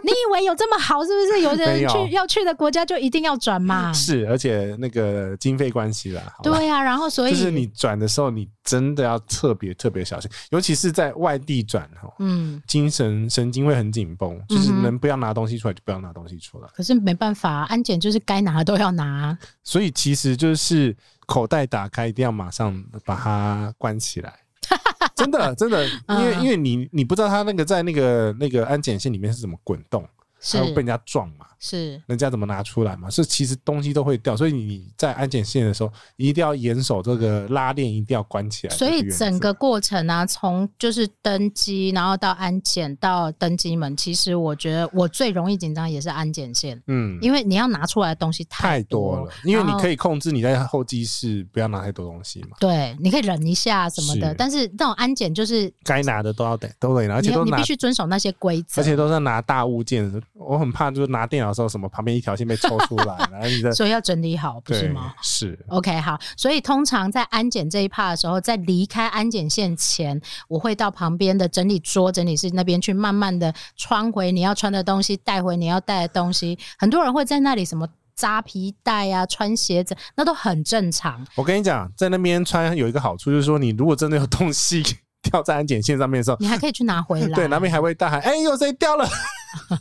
你以為有這麼好？是不是有的人去要去的國家就一定要轉嘛、嗯？是，而且那個經費關係啦。對啊，然後所以就是你轉的時候，你真的要特別特別小心，尤其是在外地轉哈。嗯，精神神經會很緊繃，就是能不要拿東西出來就不要拿東西出來。可是沒辦法、啊，安檢就是該拿的都要拿、啊。所以其實就是口袋打開一定要馬上把它關起來。 真的，真的，因為、uh-huh. 因為你你不知道他那個在那個那個安檢線裡面是怎麼滾動，然後被人家撞嘛？是，人家怎麼拿出來嘛？是其實東西都會掉，所以你在安檢線的時候一定要嚴守這個拉鏈，一定要關起來，啊。所以整個過程啊，從就是登機，然後到安檢，到登機門，其實我覺得我最容易緊張也是安檢線。嗯，因為你要拿出來的東西太多，太多了，因為你可以控制你在候機室後不要拿太多東西嘛。對，你可以忍一下什麼的，是，但是那種安檢就是該拿的都要得都得拿，而且都你必須遵守那些規則，而且都是要拿大物件，我很怕就是拿電腦。到時候什麼旁邊一條線被抽出來，然後 你所以要整理好，不是嗎？是 OK 好，所以通常在安檢這一趴的時候，在離開安檢線前，我會到旁邊的整理桌、整理室那邊去，慢慢的穿回你要穿的東西，帶回你要帶的東西。很多人會在那裡什麼扎皮帶啊、穿鞋子，那都很正常。我跟你講，在那邊穿有一個好處，就是說你如果真的有東西掉在安檢線上面的時候，你還可以去拿回來。對，那邊還會大喊：“哎、欸，有誰掉了？”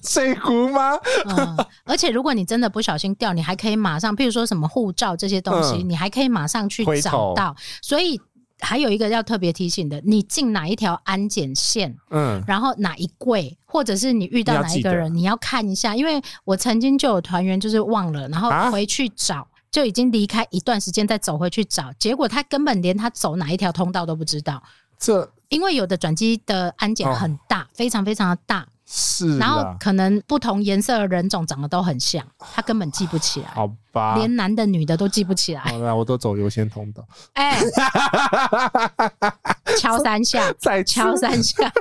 水 壺乎嗎、 嗯？而且，如果你真的不小心掉，你還可以馬上，譬如說什麼護照這些東西、嗯，你還可以馬上去找到。所以，還有一個要特別提醒的，你進哪一條安檢線、嗯，然後哪一櫃，或者是你遇到哪一個人，你要，你要看一下，因為我曾經就有團員就是忘了，然後回去找，啊、就已經離開一段時間再走回去找，結果他根本連他走哪一條通道都不知道。這因為有的轉機的安檢很大、哦，非常非常的大。是，然後可能不同顏色的人種長得都很像，他根本記不起來。 連男的女的都記不起來，好啦，我都走優先通道。哎、欸，敲三下，再敲三下，再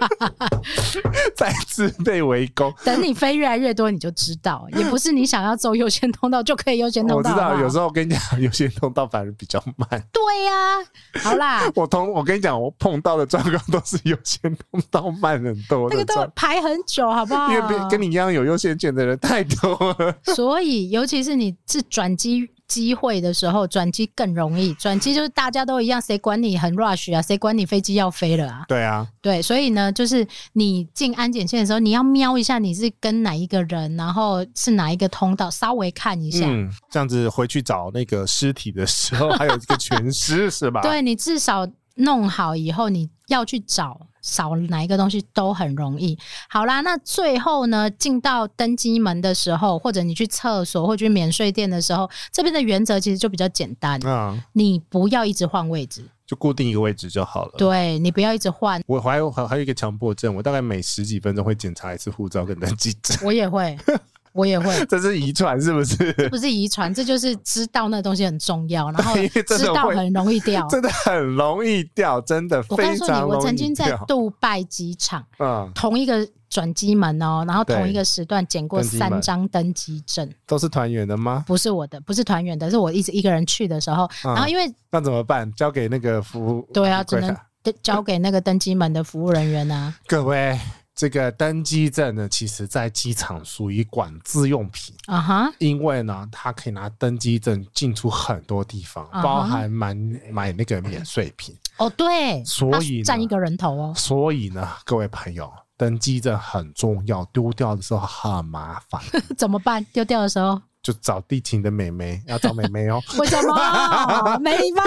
次， 再次被圍攻。等你飛越來越多，你就知道，也不是你想要走優先通道就可以優先通道好好。我知道，有時候跟你講，優先通道反而比較慢。對呀、啊，好啦，我同，我跟你講，我碰到的狀況都是優先通道慢很多，那個都排很久，好不好？因為跟跟你一樣有優先權的人太多了，所以尤其是你是。轉機機會的時候，轉機更容易。轉機就是大家都一樣，誰管你很 rush 啊，誰管你飛機要飛了啊？對啊，對，所以呢，就是你進安檢線的時候，你要瞄一下你是跟哪一個人，然後是哪一個通道，稍微看一下。嗯，這樣子回去找那個屍體的時候，還有這個全屍 是吧？對，你至少弄好以後，你要去找。少哪一個東西都很容易。好啦，那最後呢，進到登機門的時候，或者你去廁所或去免稅店的時候，這邊的原則其實就比較簡單。嗯，你不要一直換位置，就固定一個位置就好了。對，你不要一直換。我還有還還有一個強迫症，我大概每十幾分鐘會檢查一次護照跟登機證。 我也會。 我也會，這是遺傳是不是？ 不是遺傳，這就是知道那東西很重要，然後知道很容易掉， 真的真的很容易掉，真的非常容易掉。我告訴你，我曾經在杜拜機場，嗯，同一個轉機門哦、喔，然後同一個時段撿過三張登機證。登機門，都是團員的嗎？不是我的，不是團員的，是我一直一個人去的時候，然後因為、嗯、那怎麼辦？交給那個服務，對啊，只能交給那個登機門的服務人員啊。各位。這個登機證呢，其實，在機場屬於管制用品啊哈，uh -huh. 因為呢，它可以拿登機證進出很多地方，uh -huh. 包含買買那個免稅品哦，uh -huh. oh, 對，所以占一個人頭哦，所以，所以呢，各位朋友，登機證很重要，丟掉的時候很麻煩， 怎麼辦？丟掉的時候。就找地勤的美眉，要找美眉哦。 為什麼？沒辦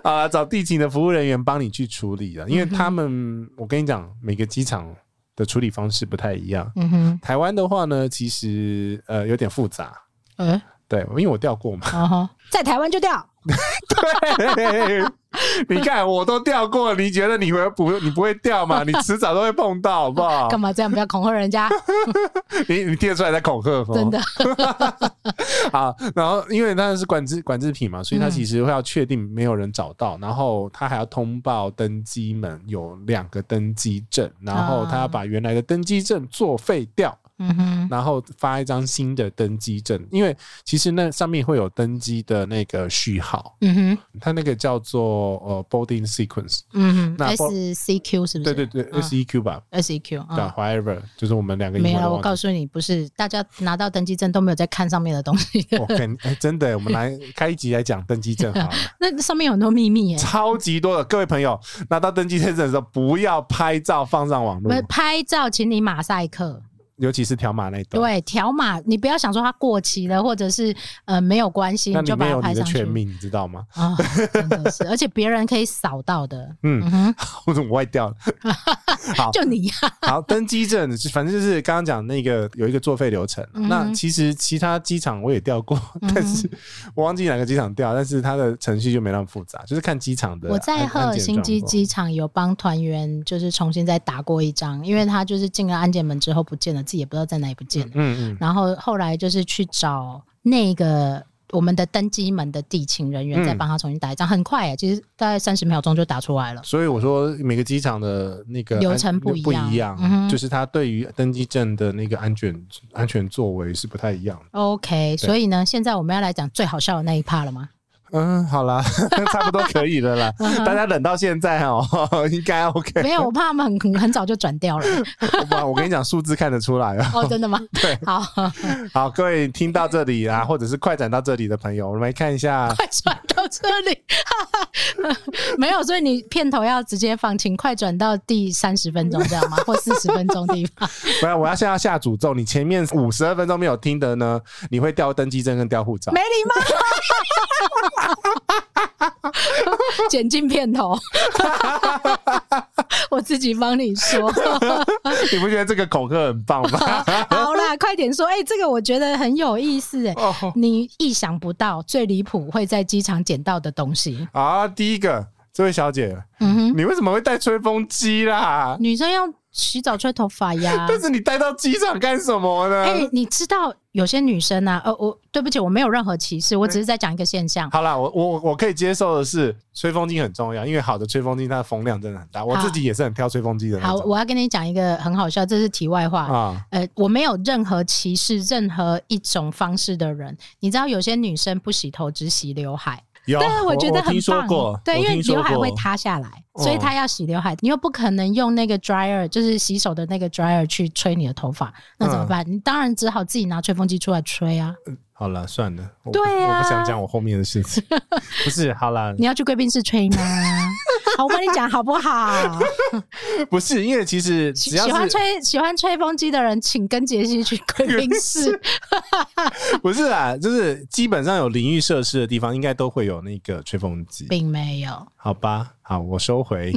法啊，找地勤的服務人員幫你去處理了，因為他們，我跟你講，每個機場的處理方式不太一樣。嗯哼，台灣的話呢，其實呃有點複雜。嗯，對，因為我掉過嘛。Uh -huh. 在台灣就掉。 對， 你看我都掉過了，你覺得你會不你不會掉嗎？你遲早都會碰到，好不好？幹 嘛這樣？不要恐嚇人家！ 你你聽得出來在恐嚇？真的。好，然後因為那是管制管制品嘛，所以他其實會要確定沒有人找到，嗯，然後他還要通報登機門有兩個登機證，然後他要把原來的登機證作廢掉。嗯哼，然後發一張新的登機證，因為其實那上面會有登機的那個序號。嗯哼，它那個叫做呃 boarding sequence。嗯哼，那 S C Q 是不是？對對對、啊、，S E Q 吧。S E Q、啊。whatever，就是我們兩個沒有、啊。我告訴你，不是大家拿到登機證都沒有在看上面的東西。我 肯、okay, 欸、真的，我們來開一集來講登機證好 那上面有很多秘密耶，超級多的。各位朋友拿到登機證,證的時候，不要拍照放上網絡。拍照，請你馬賽克。尤其是條碼那一段，對條碼，你不要想說它過期了，或者是呃沒有關係，那你，沒你就把它拍上去，有你的全名，你知道嗎？啊、哦，真的是， 而且別人可以掃到的。嗯，嗯哼，我怎麼外掉了。 好，就你、啊。呀。好，登機證，反正就是剛剛講那個有一個作廢流程、嗯。那其實其他機場我也掉過、嗯，但是我忘記哪個機場掉，但是它的程序就沒那麼複雜，就是看機場的。我在赫爾辛基機場有幫團員就是重新再打過一張，因為他就是進了安檢門之後不見了。自己也不知道在哪，也不見，嗯，嗯，嗯，然後後來就是去找那個我們的登機門的地勤人員，再幫他重新打一張，很快啊、欸，其實大概三十秒鐘就打出來了。所以我說每個機場的那個流程不一樣，嗯，就是他對於登機證的那個安全安全作為是不太一樣的。OK，所以呢，現在我們要來講最好笑的那一 part 了嗎？嗯，好啦，差不多可以了啦。 嗯、大家等到現在哦、喔，應該 OK。沒有，我怕他們很很早就轉掉了 我。我跟你講，數字看得出來 哦，真的嗎？對， 好。好， 各位聽到這裡啊，或者是快轉到這裡的朋友，我們來看一下快轉。這裡 沒有，所以你片頭要直接放，請快轉到第三十分鐘這樣嗎？或四十分鐘地方？ 不要，我要現在要下詛咒，你前面五十二分鐘沒有聽的呢，你會掉登機證跟掉護照。沒禮貌， 剪進進片頭， 我自己幫你說。 你不覺得這個恐嚇很棒嗎？ 好啦，快點說，哎、欸，這個我覺得很有意思、欸，哎、oh.，你意想不到最離譜會在機場剪。到的東西啊，第一個這位小姐，嗯哼，你為什麼會帶吹風機啦？女生要洗澡吹頭髮呀，但 是你帶到機場幹什麼呢？欸、你知道有些女生啊，呃，我對不起，我沒有任何歧視，我只是在講一個現象。欸、好啦，我我我可以接受的是，吹風機很重要，因為好的吹風機它的風量真的很大，我自己也是很挑吹風機的人。好，我要跟你講一個很好笑，這是題外話啊。呃，我沒有任何歧視任何一種方式的人，你知道有些女生不洗頭只洗劉海。但我覺得很棒，對，因為劉海會塌下來，嗯，所以他要洗劉海。你又不可能用那個 dryer，就是洗手的那個 dryer 去吹你的頭髮，那怎麼辦？嗯，你當然只好自己拿吹風機出來吹啊。嗯，好了，算了，我，啊，我不，我不想講我後面的事情。 不是，好了，你要去貴賓室吹嗎？ 好，我跟你講好不好？ 不是，因為其實喜歡吹，喜歡吹風機的人，請跟傑西去更衣室。 不是啊，就是基本上有淋浴設施的地方，應該都會有那個吹風機，並沒有。好吧，好，我收回，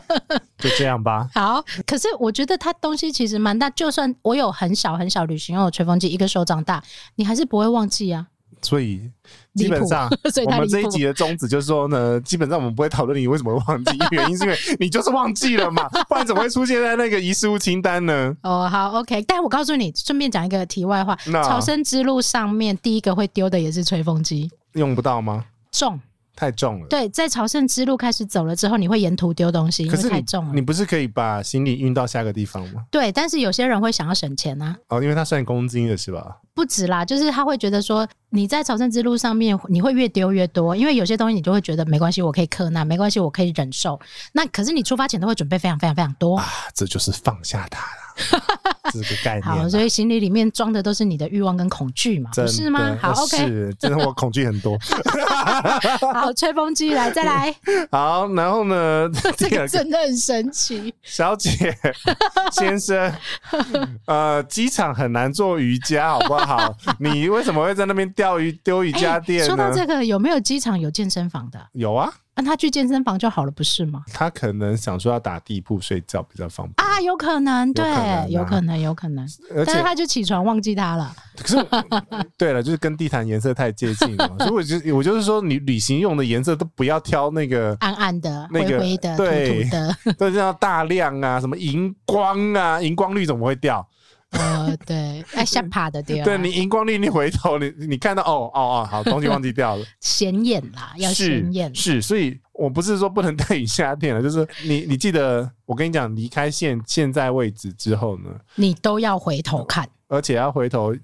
就這樣吧。好，可是我覺得它東西其實蠻大，就算我有很小很小旅行用的吹風機，一個手掌大，你還是不會忘記啊。所以，基本上，我們這一集的宗旨就是說呢，基本上我們不會討論你為什麼會忘記，原因是因為你就是忘記了嘛，不然怎麼會出現在那個遺失物清單呢？呢因因單呢哦，好，OK，但我告訴你，順便講一個題外話，朝聖之路上面第一個會丟的也是吹風機，用不到嗎？重。太重了。對，在朝聖之路開始走了之後，你會沿途丟東西，因為是太重了你。你不是可以把行李運到下個地方嗎？對，但是有些人會想要省錢啊。哦，因為他算公斤的是吧？不止啦，就是他會覺得說，你在朝聖之路上面，你會越丟越多，因為有些東西你就會覺得沒關係，我可以克難，沒關係，我可以忍受。那可是你出發前都會準備非常非常非常多啊，這就是放下它啦。 這個概念，好，所以行李裡面裝的都是你的慾望跟恐懼嘛，不是嗎？好，好，OK，是真的，我恐懼很多。 好，吹風機來，再來。好，然後呢？ 這個真的很神奇。小姐，先生， 呃，機場很難做瑜伽，好不好？ 你為什麼會在那邊釣魚丟瑜伽墊呢？欸，說到這個，有沒有機場有健身房的？有啊。那、啊、他去健身房就好了，不是嗎？他可能想說要打地鋪睡覺比較方便啊，有可能，對，有可能、啊有可能，有可能。但是但他就起床忘記他了，可是， 對了，就是跟地毯顏色太接近了， 所以我就是、我就是說，你旅行用的顏色都不要挑那個暗暗的，微、那、微、個、的、對土，土的，這叫大亮啊，什麼熒光啊，熒光綠怎麼會掉？哦、 呃，對，要嚇怕的地方對、啊、對你熒光綠，你回頭你你看到，哦哦哦，好，東西忘記掉了，顯 眼啦，要顯眼是，是。所以我不是說不能帶雨下電了，就是你你記得我跟你講，離開現現在位置之後呢，你都要回頭看，而且要回頭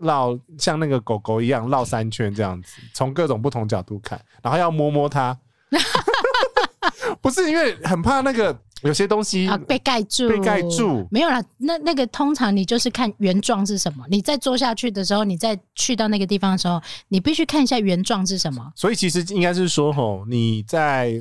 繞像那個狗狗一樣繞三圈這樣子，從各種不同角度看，然後要摸摸它。 不是因為很怕那個。有些東西啊，被蓋住，被蓋住沒有啦。那那個通常你就是看原狀是什麼。你再坐下去的時候，你再去到那個地方的時候，你必須看一下原狀是什麼。所以其實應該是說吼，吼你在。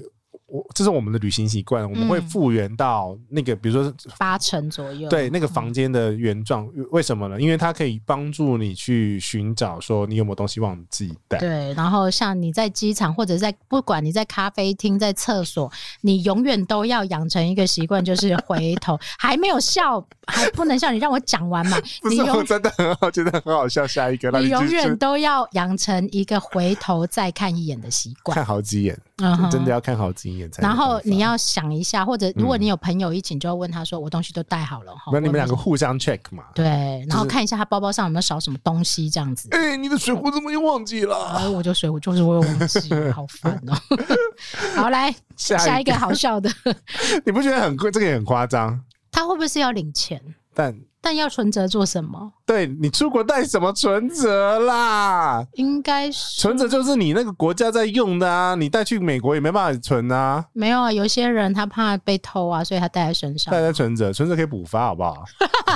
這是我們的旅行習慣，嗯，我們會復原到那個，比如說八成左右，對那個房間的原狀。嗯。為什麼呢？因為它可以幫助你去尋找，說你有沒有東西忘記帶。對，然後像你在機場或者在不管你在咖啡廳、在廁所，你永遠都要養成一個習慣，就是回頭 還沒有笑，還不能笑，你讓我講完嘛？你 不是，我真的很好，覺得很好笑。下一個，你，你永遠都要養成一個回頭再看一眼的習慣，看好幾眼。嗯、真的要看好幾眼才。然後你要想一下，或者如果你有朋友一起，就要問他說：“我東西都帶好了那、嗯、你們兩個互相 check 嘛？對、就是，然後看一下他包包上有沒有少什麼東西這樣子。哎、欸，你的水壺怎麼又忘記了？欸、我就水壺，我就是會忘記， 好煩煩哦、喔。 好，來下一下一個好笑的。 你不覺得很貴？這個也很誇張。他會不會是要領錢？但。但要存摺做什麼？對，你出國帶什麼存摺啦？應該是存摺就是你那個國家在用的啊，你帶去美國也沒辦法存啊。沒有啊，有些人他怕被偷啊，所以他帶在身上啊。帶在存摺，存摺可以補發，好不好？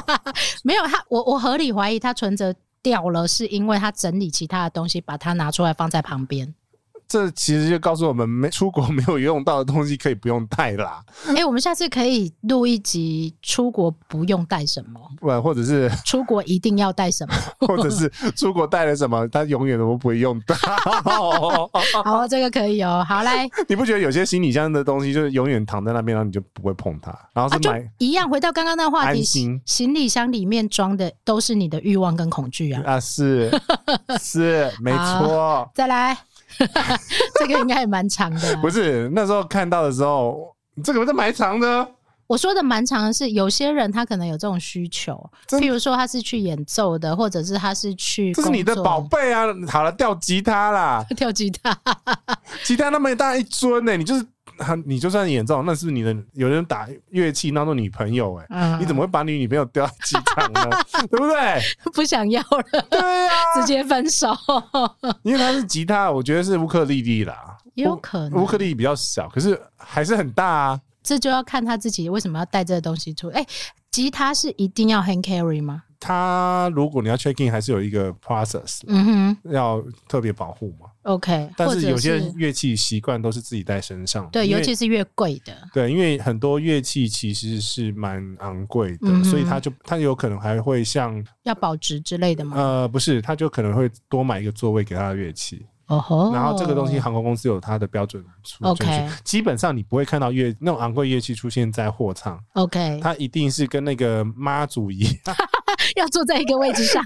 沒有他，我我合理懷疑他存摺掉了，是因為他整理其他的東西，把它拿出來放在旁邊。這其實就告訴我們，沒出國沒有用到的東西可以不用帶啦。哎、嗯，欸，我們下次可以錄一集，出國不用帶什麼，呃，或者是出國一定要帶什麼，或者是出國帶了什麼，它 永遠都不會用到。 好，這個可以哦。好來，你不覺得有些行李箱的東西就是永遠躺在那邊，然後你就不會碰它，然後是買、啊、就一樣回到剛剛那個話題。安心，行李箱裡面裝的都是你的慾望跟恐懼啊。啊，是是，沒錯。 再來。 這個應該也蠻長的，啊， 不是？那時候看到的時候，這個不是蠻長的。我說的蠻長的是有些人他可能有這種需求，譬如說他是去演奏的，或者是他是去這是你的寶貝啊！好了，掉吉他啦，掉吉他， 吉他那麼大一尊呢，欸，你就是。你就算演奏，那是，是你的有人打樂器那種女朋友哎、欸，uh -huh. 你怎麼會把你女朋友丟到機場呢？ 對不對？不想要了，啊、直接分手。 因為它是吉他，我覺得是烏克麗麗啦，也有可能烏，烏克麗麗比較小，可是還是很大啊。這就要看他自己為什麼要帶這個東西出來。哎，吉他是一定要 hand carry 嗎？他如果你要 check in，還是有一個 process，嗯哼，要特別保護嘛。OK，但是有些樂器習慣都是自己帶身上。對，尤其是越貴的。對，因為很多樂器其實是蠻昂貴的、嗯，所以他就他有可能還會像要保值之類的嗎？呃，不是，他就可能會多買一個座位給他的樂器。哦吼。然後這個東西航空公司有它的標準，準，準，準 OK，基本上你不會看到樂那種昂貴樂器出現在貨艙 OK，他一定是跟那個媽祖一樣。 要坐在一個位置上，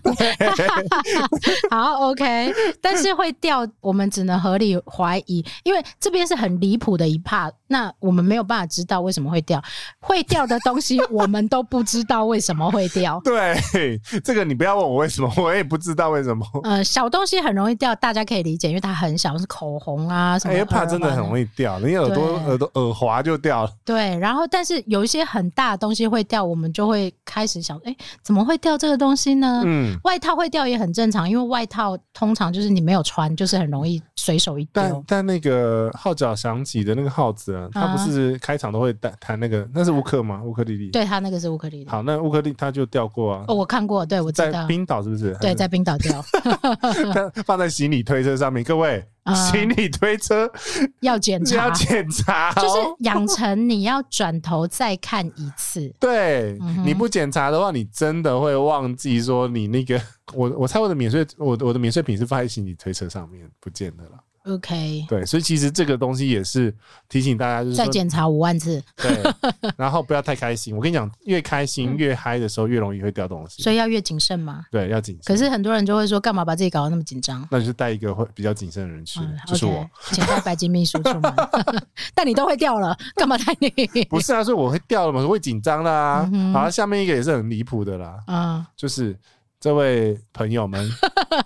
好，OK。但是會掉，我們只能合理懷疑，因為這邊是很離譜的一 part。那我們沒有辦法知道為什麼會掉，會掉的東西我們都不知道為什麼會掉。對，這個你不要問我為什麼，我也不知道為什麼。呃，小東西很容易掉，大家可以理解，因為它很小，是口紅啊、欸、什麼。哎，part 真的很容易掉，你耳朵耳朵耳滑就掉了。對，然後但是有一些很大的東西會掉，我們就會開始想，哎、欸，怎麼會掉？這個東西呢、嗯，外套會掉也很正常，因為外套通常就是你沒有穿，就是很容易隨手一丟。但，但那個浩角翔起的那個浩子、啊，他不是開場都會彈那個，啊、那是烏克嗎？烏克麗麗？對，他那個是烏克麗麗。好，那烏克麗麗他就掉過啊。哦，我看過，對，我知道，在冰島是不是？對，在冰島掉， 他放在行李推車上面，各位。行李推車要，嗯、檢，要檢查， 查，就是養成你要轉頭再看一次。 對、嗯，你不檢查的話，你真的會忘記說你那個。我我猜我的免稅，我我的免稅品是放在行李推車上面，不見得了。OK，對，所以其實這個東西也是提醒大家，就是再檢查五萬次， 對，然後不要太開心。我跟你講，越開心越嗨的時候，越容易會掉東西，所以要越謹慎嘛。對，要謹慎。可是很多人就會說，幹嘛把自己搞得那麼緊張？那就是帶一個會比較謹慎的人去，嗯、okay, 就是我，請帶白金秘書出門， 但你都會掉了，幹嘛帶你？不是啊，所以我會掉了嘛，我會緊張的啊。好，下面一個也是很離譜的啦，啊、嗯，就是這位朋友們，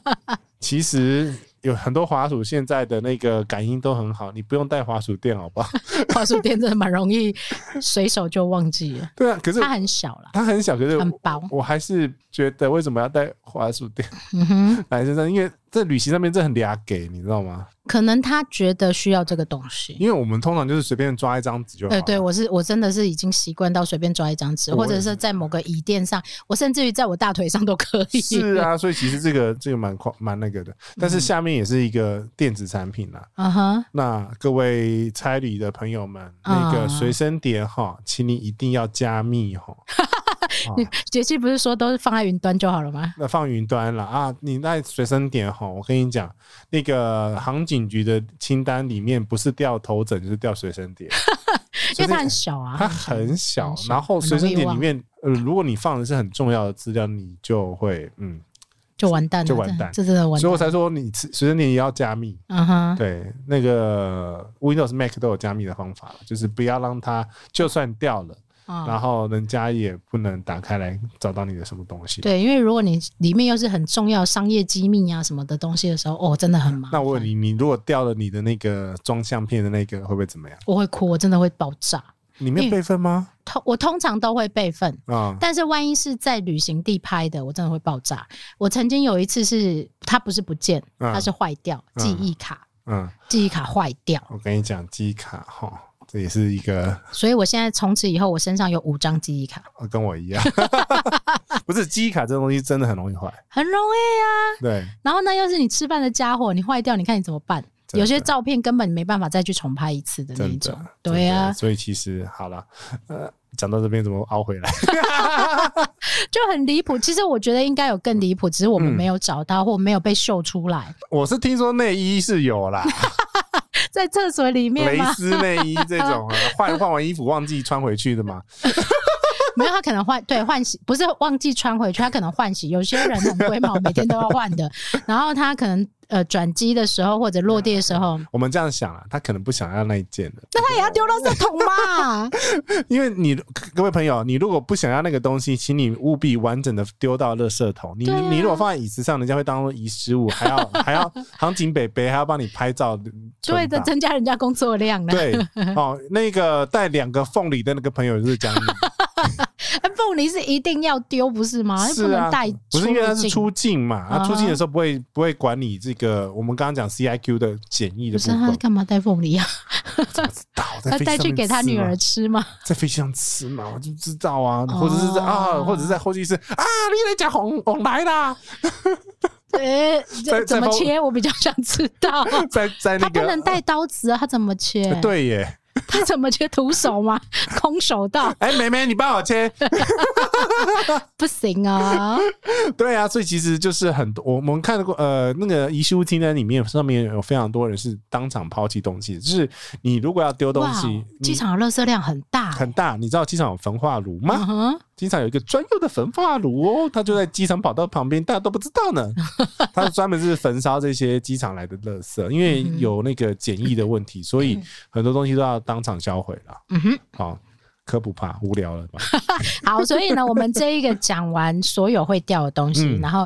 其實。有很多滑鼠，現在的那個感應都很好，你不用帶滑鼠墊，好不好？ 滑鼠墊真的蠻容易隨手就忘記了。 對啊，可是它很小啦，它很小，可是很薄。我還是覺得，為什麼要帶滑鼠墊？嗯哼，來身上，因為。在旅行上面，這很倆給，你知道嗎？可能他覺得需要這個東西，因為我們通常就是隨便抓一張紙就好。對，對，我是我真的是已經習慣到隨便抓一張紙，或者是在某個椅墊上，我甚至於在我大腿上都可以。是啊，所以其實這個這個蠻快蠻那個的，但是下面也是一個電子產品啦。啊、嗯、哈，那各位差旅的朋友們，嗯、那個隨身碟哈、哦，請你一定要加密哈、哦。 你學期不是說都是放在雲端就好了嗎？那、啊、放雲端了啊！你那隨身碟哈，我跟你講，那個航警局的清單裡面不是掉頭枕就是掉隨身碟， 因為它很小啊。它很小，很小然後隨身碟裡面，呃，如果你放的是很重要的資料，你就會嗯，就完蛋了，就完蛋，就所以我才說你隨身碟也要加密啊哈、嗯。對，那個 Windows、Mac 都有加密的方法，就是不要讓它就算掉了。嗯嗯、然後人家也不能打開來找到你的什麼東西。對，因為如果你裡面又是很重要商業機密呀、啊、什麼的東西的時候，哦，真的很麻煩。那我你你如果掉了你的那個裝相片的那個，會不會怎麼樣？我會哭，我真的會爆炸。你沒備份嗎？通我通常都會備份啊，但是萬一是在旅行地拍的，我真的會爆炸。我曾經有一次是它不是不見，它是壞掉、嗯、記憶卡。嗯，記憶卡壞掉。我跟你講記憶卡齁。這也是一個，所以我現在從此以後，我身上有五張記憶卡，跟我一樣， 不是記憶卡這東西真的很容易壞，很容易呀、啊。對，然後呢？又是你吃飯的傢伙，你壞掉，你看你怎麼辦？有些照片根本你沒辦法再去重拍一次的那一種，對呀、啊。所以其實好了，呃、講到這邊怎麼凹回來， 就很離譜。其實我覺得應該有更離譜、嗯，只是我們沒有找到或沒有被秀出來。我是聽說內衣是有啦。 在廁所裡面，蕾絲內衣這種啊，換 換完衣服忘記穿回去的嘛？ 沒有，他可能換，對，換洗，不是忘記穿回去，他可能換洗。有些人很龜毛， 每天都要換的，然後他可能。呃，轉機的時候或者落地的時候、嗯，我們這樣想啊，他可能不想要那一件的，那他也要丟到垃圾桶嘛？ 因為你各位朋友，你如果不想要那個東西，請你務必完整的丟到垃圾桶。啊、你你如果放在椅子上，人家會當做遺失物，還要 還要航警北北還要幫你拍照，就會增加人家工作量了。 對哦，那個帶兩個鳳梨的那個朋友就是講。 哎，鳳梨是一定要丟不是嗎？能啊，不是因為他是出境嘛、啊？他出境的時候不會不會管理這個。我們剛剛講 C I Q 的檢疫的部分、啊、他幹嘛帶鳳梨啊？ 他帶去給他女兒吃嗎？在飛機上吃嘛，我就知道啊，或者是在、哦、啊，或者是在候機室啊，你來講紅紅來啦，呃、 欸，這怎麼切？我比較想知道。在在、那個、他不能帶刀子啊，他怎麼切？啊、對耶。 他怎麼切？徒手嗎？空手道？哎，妹妹，你幫我切 不行啊 ！對啊，所以其實就是很多我們看過，呃，那個遺失廳呢，裡面上面有非常多人是當場拋棄東西，就是你如果要丟東西，機場的垃圾量很大，喔，很大。你知道機場有焚化爐嗎？嗯經常有一個專用的焚化爐哦，它就在機場跑道旁邊，大家都不知道呢。它專門是焚燒這些機場來的垃圾，因為有那個檢疫的問題，所以很多東西都要當場銷毀了。嗯哼，好，科普吧，無聊了吧？好，所以呢，我們這一個講完所有會掉的東西， 嗯、然後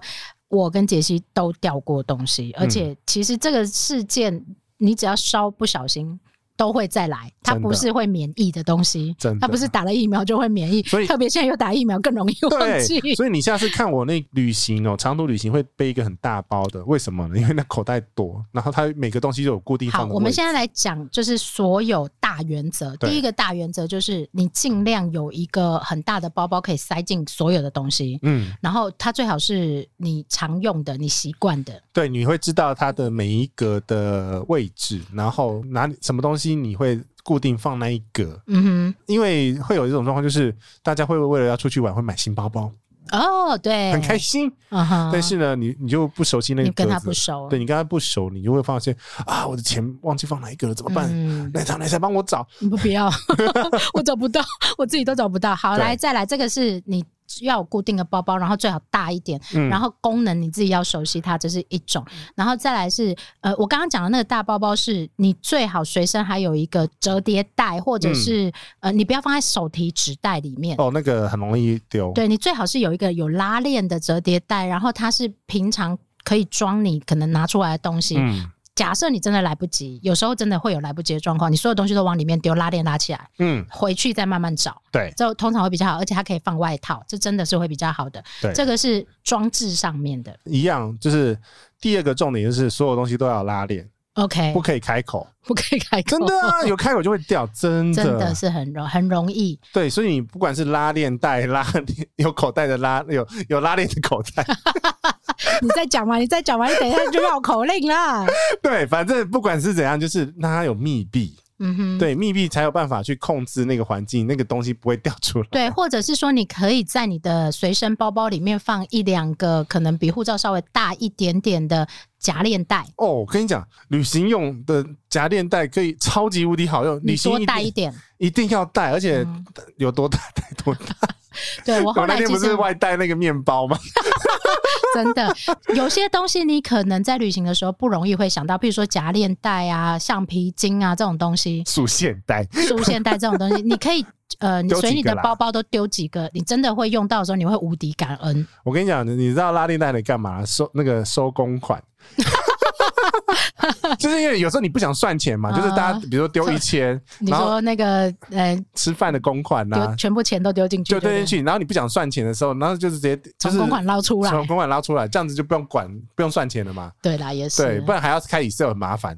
我跟杰西都掉過東西，而且其實這個事件，你只要稍不小心。都會再來，它不是會免疫的東西，真的，真的，它不是打了疫苗就會免疫，所以特別現在又打疫苗更容易忘記。對，所以你下次看我那旅行喔， 長途旅行會背一個很大包的，為什麼呢？因為那口袋多，然後它每個東西都有固定。好，我們現在來講，就是所有大原則。第一個大原則就是你盡量有一個很大的包包可以塞進所有的東西，嗯，然後它最好是你常用的、你習慣的，對，你會知道它的每一格的位置，然後拿什麼東西。你會固定放那一格，嗯哼，因為會有一種狀況，就是大家會為了要出去玩，會買新包包，哦，對，很開心，Uh-huh、但是呢，你你就不熟悉那個，你跟他不熟，對，你跟他不熟，你就會發現啊，我的錢忘記放哪一格了，怎麼辦？來、嗯，來，奶茶，奶茶，幫我找，你不要， 我找不到，我自己都找不到。好，來，再來，這個是你。要有固定的包包，然後最好大一點，嗯、然後功能你自己要熟悉它，這是一種。然後再來是，呃，我剛剛講的那個大包包是你最好隨身還有一個折疊袋，或者是、嗯、呃，你不要放在手提紙袋裡面哦，那個很容易丟對。對你最好是有一個有拉鏈的折疊袋，然後它是平常可以裝你可能拿出來的東西。嗯假設你真的來不及，有時候真的會有來不及的狀況，你所有東西都往裡面丟，拉鏈拉起來，嗯，回去再慢慢找，對，就通常會比較好，而且它可以放外套，這真的是會比較好的，對，這個是裝置上面的，一樣，就是第二個重點就是所有東西都要拉鏈。OK，不可以開口，不可以開口，真的啊，有開口就會掉，真的、啊、真的是很容很容易。對，所以你不管是拉鏈袋、拉有口袋的拉、有有拉鏈的口袋， 你再講講嘛， 你再講嘛，你等一下就繞口令啦。 對，反正不管是怎樣，就是讓它有密閉。嗯哼，對，密閉才有辦法去控制那個環境，那個東西不會掉出來。對，或者是說，你可以在你的隨身包包裡面放一兩個，可能比護照稍微大一點點的夾鏈袋。哦，我跟你講，旅行用的夾鏈袋可以超級無敵好用，一定你多帶一點，一定要帶，而且有多大帶多大。嗯 對，我後來其實我那天不是外帶那個麵包嗎？ 真的，有些東西你可能在旅行的時候不容易會想到，譬如說夾鏈帶啊、橡皮筋啊這種東西，束線帶、束線帶這種東西， 你可以呃，你隨你的包包都丟幾個，丟幾個，你真的會用到的時候，你會無敵感恩。我跟你講，你知道拉鏈帶你幹嘛收那個收工款？ 就是因為有時候你不想算錢嘛，啊、就是大家比如說丟一千，你說那個呃吃飯的公款吶、啊，全部錢都丟進去就對，然後你不想算錢的時候，然後就是直接從、就是、公款撈出來，從公款撈出來，這樣子就不用管不用算錢了嘛。對啦，也是，對，不然還要開 Excel 很麻煩。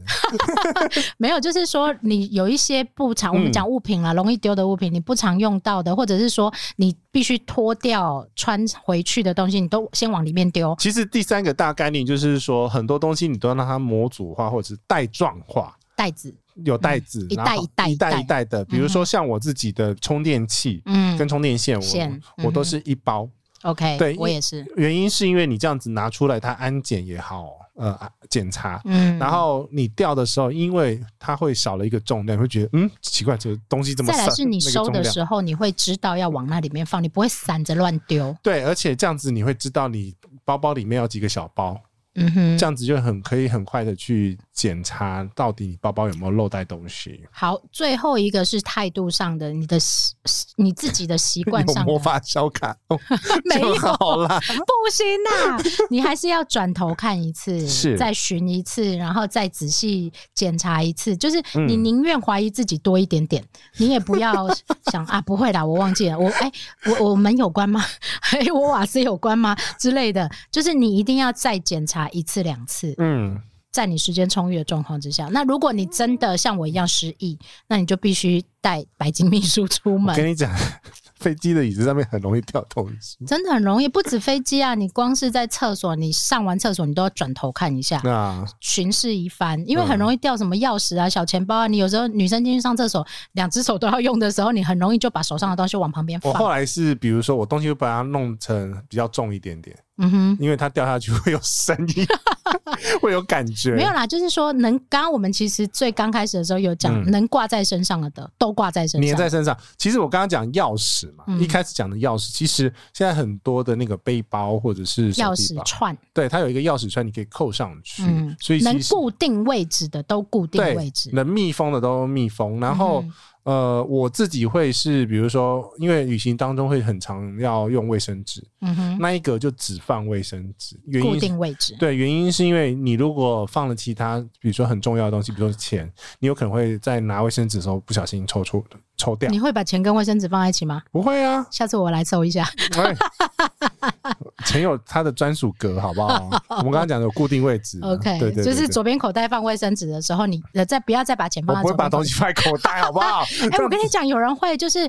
沒有，就是說你有一些不常我們講物品啦，嗯、容易丟的物品，你不常用到的，或者是說你必須脫掉穿回去的東西，你都先往裡面丟。其實第三個大概念就是說，很多東西你都要讓它磨。模組化或者是袋狀化，袋子有袋子、嗯、一袋一袋一袋一袋的，嗯，比如說像我自己的充電器，嗯，跟充電線我，我、嗯、我都是一包。OK，對我也是。原因是因為你這樣子拿出來，它安檢也好，呃，檢查，嗯，然後你掉的時候，因為它會少了一個重量，你會覺得嗯奇怪，這個東西這麼少。再來是你收的時候，你會知道要往那裡面放，你不會散着亂丟。對，而且這樣子你會知道你包包裡面有幾個小包。嗯哼，這樣子就很可以很快的去檢查到底包包有沒有漏帶東西？好，最後一個是態度上的，你的習你自己的習慣上， 有魔法膠帶 沒有啦，不行吶， 你還是要轉頭看一次，再尋一次，然後再仔細檢查一次。就是你寧願懷疑自己多一點點，嗯、你也不要想 啊，不會啦，我忘記了，我哎、欸，我我門有關嗎？哎、欸，我瓦斯有關嗎？之類的，就是你一定要再檢查一次兩次。嗯。在你時間充裕的狀況之下，那如果你真的像我一樣失憶，那你就必須帶白金秘書出門。跟你講，飛機的椅子上面很容易掉東西， 真的很容易，不止飛機啊，你光是在廁所，你上完廁所，你都要轉頭看一下，那巡視一番，因為很容易掉什麼鑰匙啊、小錢包啊。你有時候女生進去上廁所，兩只手都要用的時候，你很容易就把手上的東西往旁邊放。我後來是，比如說我東西就把它弄成比較重一點點，嗯哼，因為它掉下去會有聲音。會 有感覺， 沒有啦，就是說能，剛剛我們其實最剛開始的時候有講，能掛在身上了的，的、嗯、都掛在身上，粘在身上。其實我剛剛講鑰匙嘛、嗯，一開始講的鑰匙，其實現在很多的那個背包或者是鑰匙串，對，它有一個鑰匙串，你可以扣上去，嗯、所以能固定位置的都固定位置，能密封的都密封，然後。嗯呃，我自己會是，比如說，因為旅行當中會很常要用衛生紙，嗯哼，那一格就只放衛生紙，原因固定位置，對，原因是因為你如果放了其他，比如說很重要的東西，比如說錢，你有可能會在拿衛生紙的時候不小心抽出抽掉。你會把錢跟衛生紙放在一起嗎？不會啊，下次我來抽一下。錢 有它的專屬格，好不好？ 我們剛剛講的固定位置 ，OK，對對，對，對對，就是左邊口袋放衛生紙的時候，你再不要再把錢放在，我不會把東西放口袋，好不好？ 欸，我跟你講，有人會就是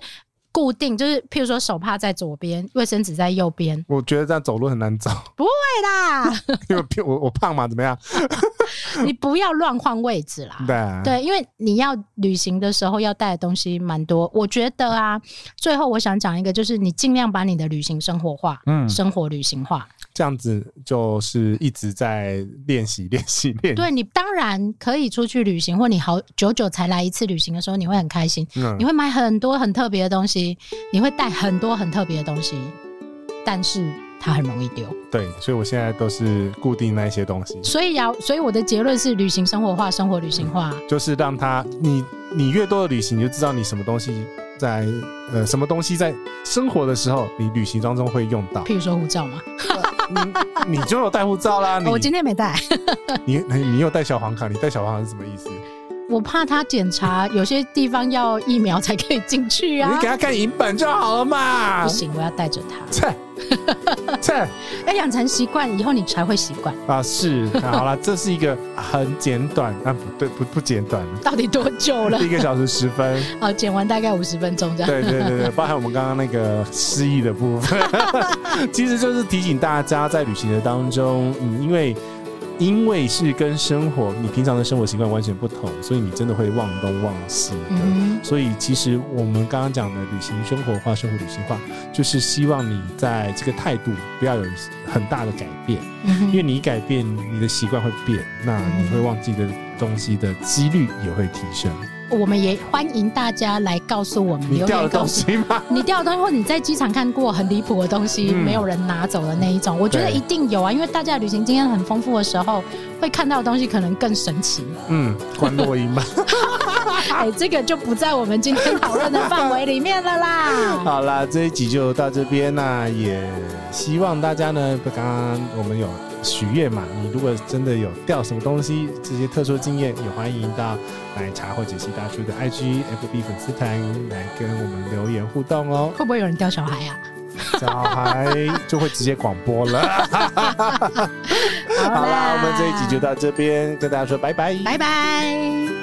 固定，就是譬如說手帕在左邊，衛生紙在右邊。我覺得這樣走路很難走。不會啦， 因為我我胖嘛，怎麼樣？ 你不要亂換位置啦。對對，因為你要旅行的時候要帶的東西蠻多。我覺得啊，最後我想講一個，就是你盡量把你的旅行生活化，嗯，生活旅行化。這樣子就是一直在練習，練習，練習。對，你當然可以出去旅行，或你好久久才來一次旅行的時候，你會很開心，嗯、你會買很多很特別的東西，你會帶很多很特別的東西，但是它很容易丟。對，所以我現在都是固定那一些東西。所以要，所以我的結論是：旅行生活化，生活旅行化，嗯、就是讓它你你越多的旅行，你就知道你什麼東西在呃，什麼東西在生活的時候，你旅行當中會用到。譬如說護照嗎？ 你你就有帶護照啦，我你，我今天沒帶 你你你有帶小黃卡你帶小黃卡是什麼意思？我怕他檢查，有些地方要疫苗才可以進去啊！你給他看影本就好了嘛！不行，我要帶着他。這 這，哎，養成習慣以後你才會習慣啊！是，好了，這是一個很簡短，但不對，不不，不，不簡短。到底多久了？ 一個小時十分。好，剪，完大概五十分鐘。這樣。對對對對，包含我們剛剛那個失憶的部分， 其實就是提醒大家，在旅行的當中，嗯，因為。因為是跟生活，你平常的生活習慣完全不同，所以你真的會忘東忘西的，嗯。所以其實我們剛剛講的旅行生活化，生活旅行化，就是希望你在這個態度不要有很大的改變，嗯。因為你改變你的習慣會變，那你會忘記的東西的幾率也會提升。我們也歡迎大家來告訴我們，你掉的東西嗎？你掉的東西，或者你在機場看過很離譜的東西、嗯，沒有人拿走的那一種，我覺得一定有啊，因為大家旅行經驗很豐富的時候，會看到的東西可能更神奇。嗯，觀落陰嘛。哎、 欸，這個就不在我們今天討論的範圍裡面了啦。 好啦，這一集就到這邊，啊，那也希望大家呢，剛剛我們有。許願嘛，你如果真的有掉什麼東西，這些特殊經驗也歡迎到奶茶或解析大叔的 IG、FB 粉絲團來跟我們留言互動哦。會不會有人掉小孩啊？小孩就會直接廣播了 好。好啦，我們這一集就到這邊，跟大家說拜拜，拜拜。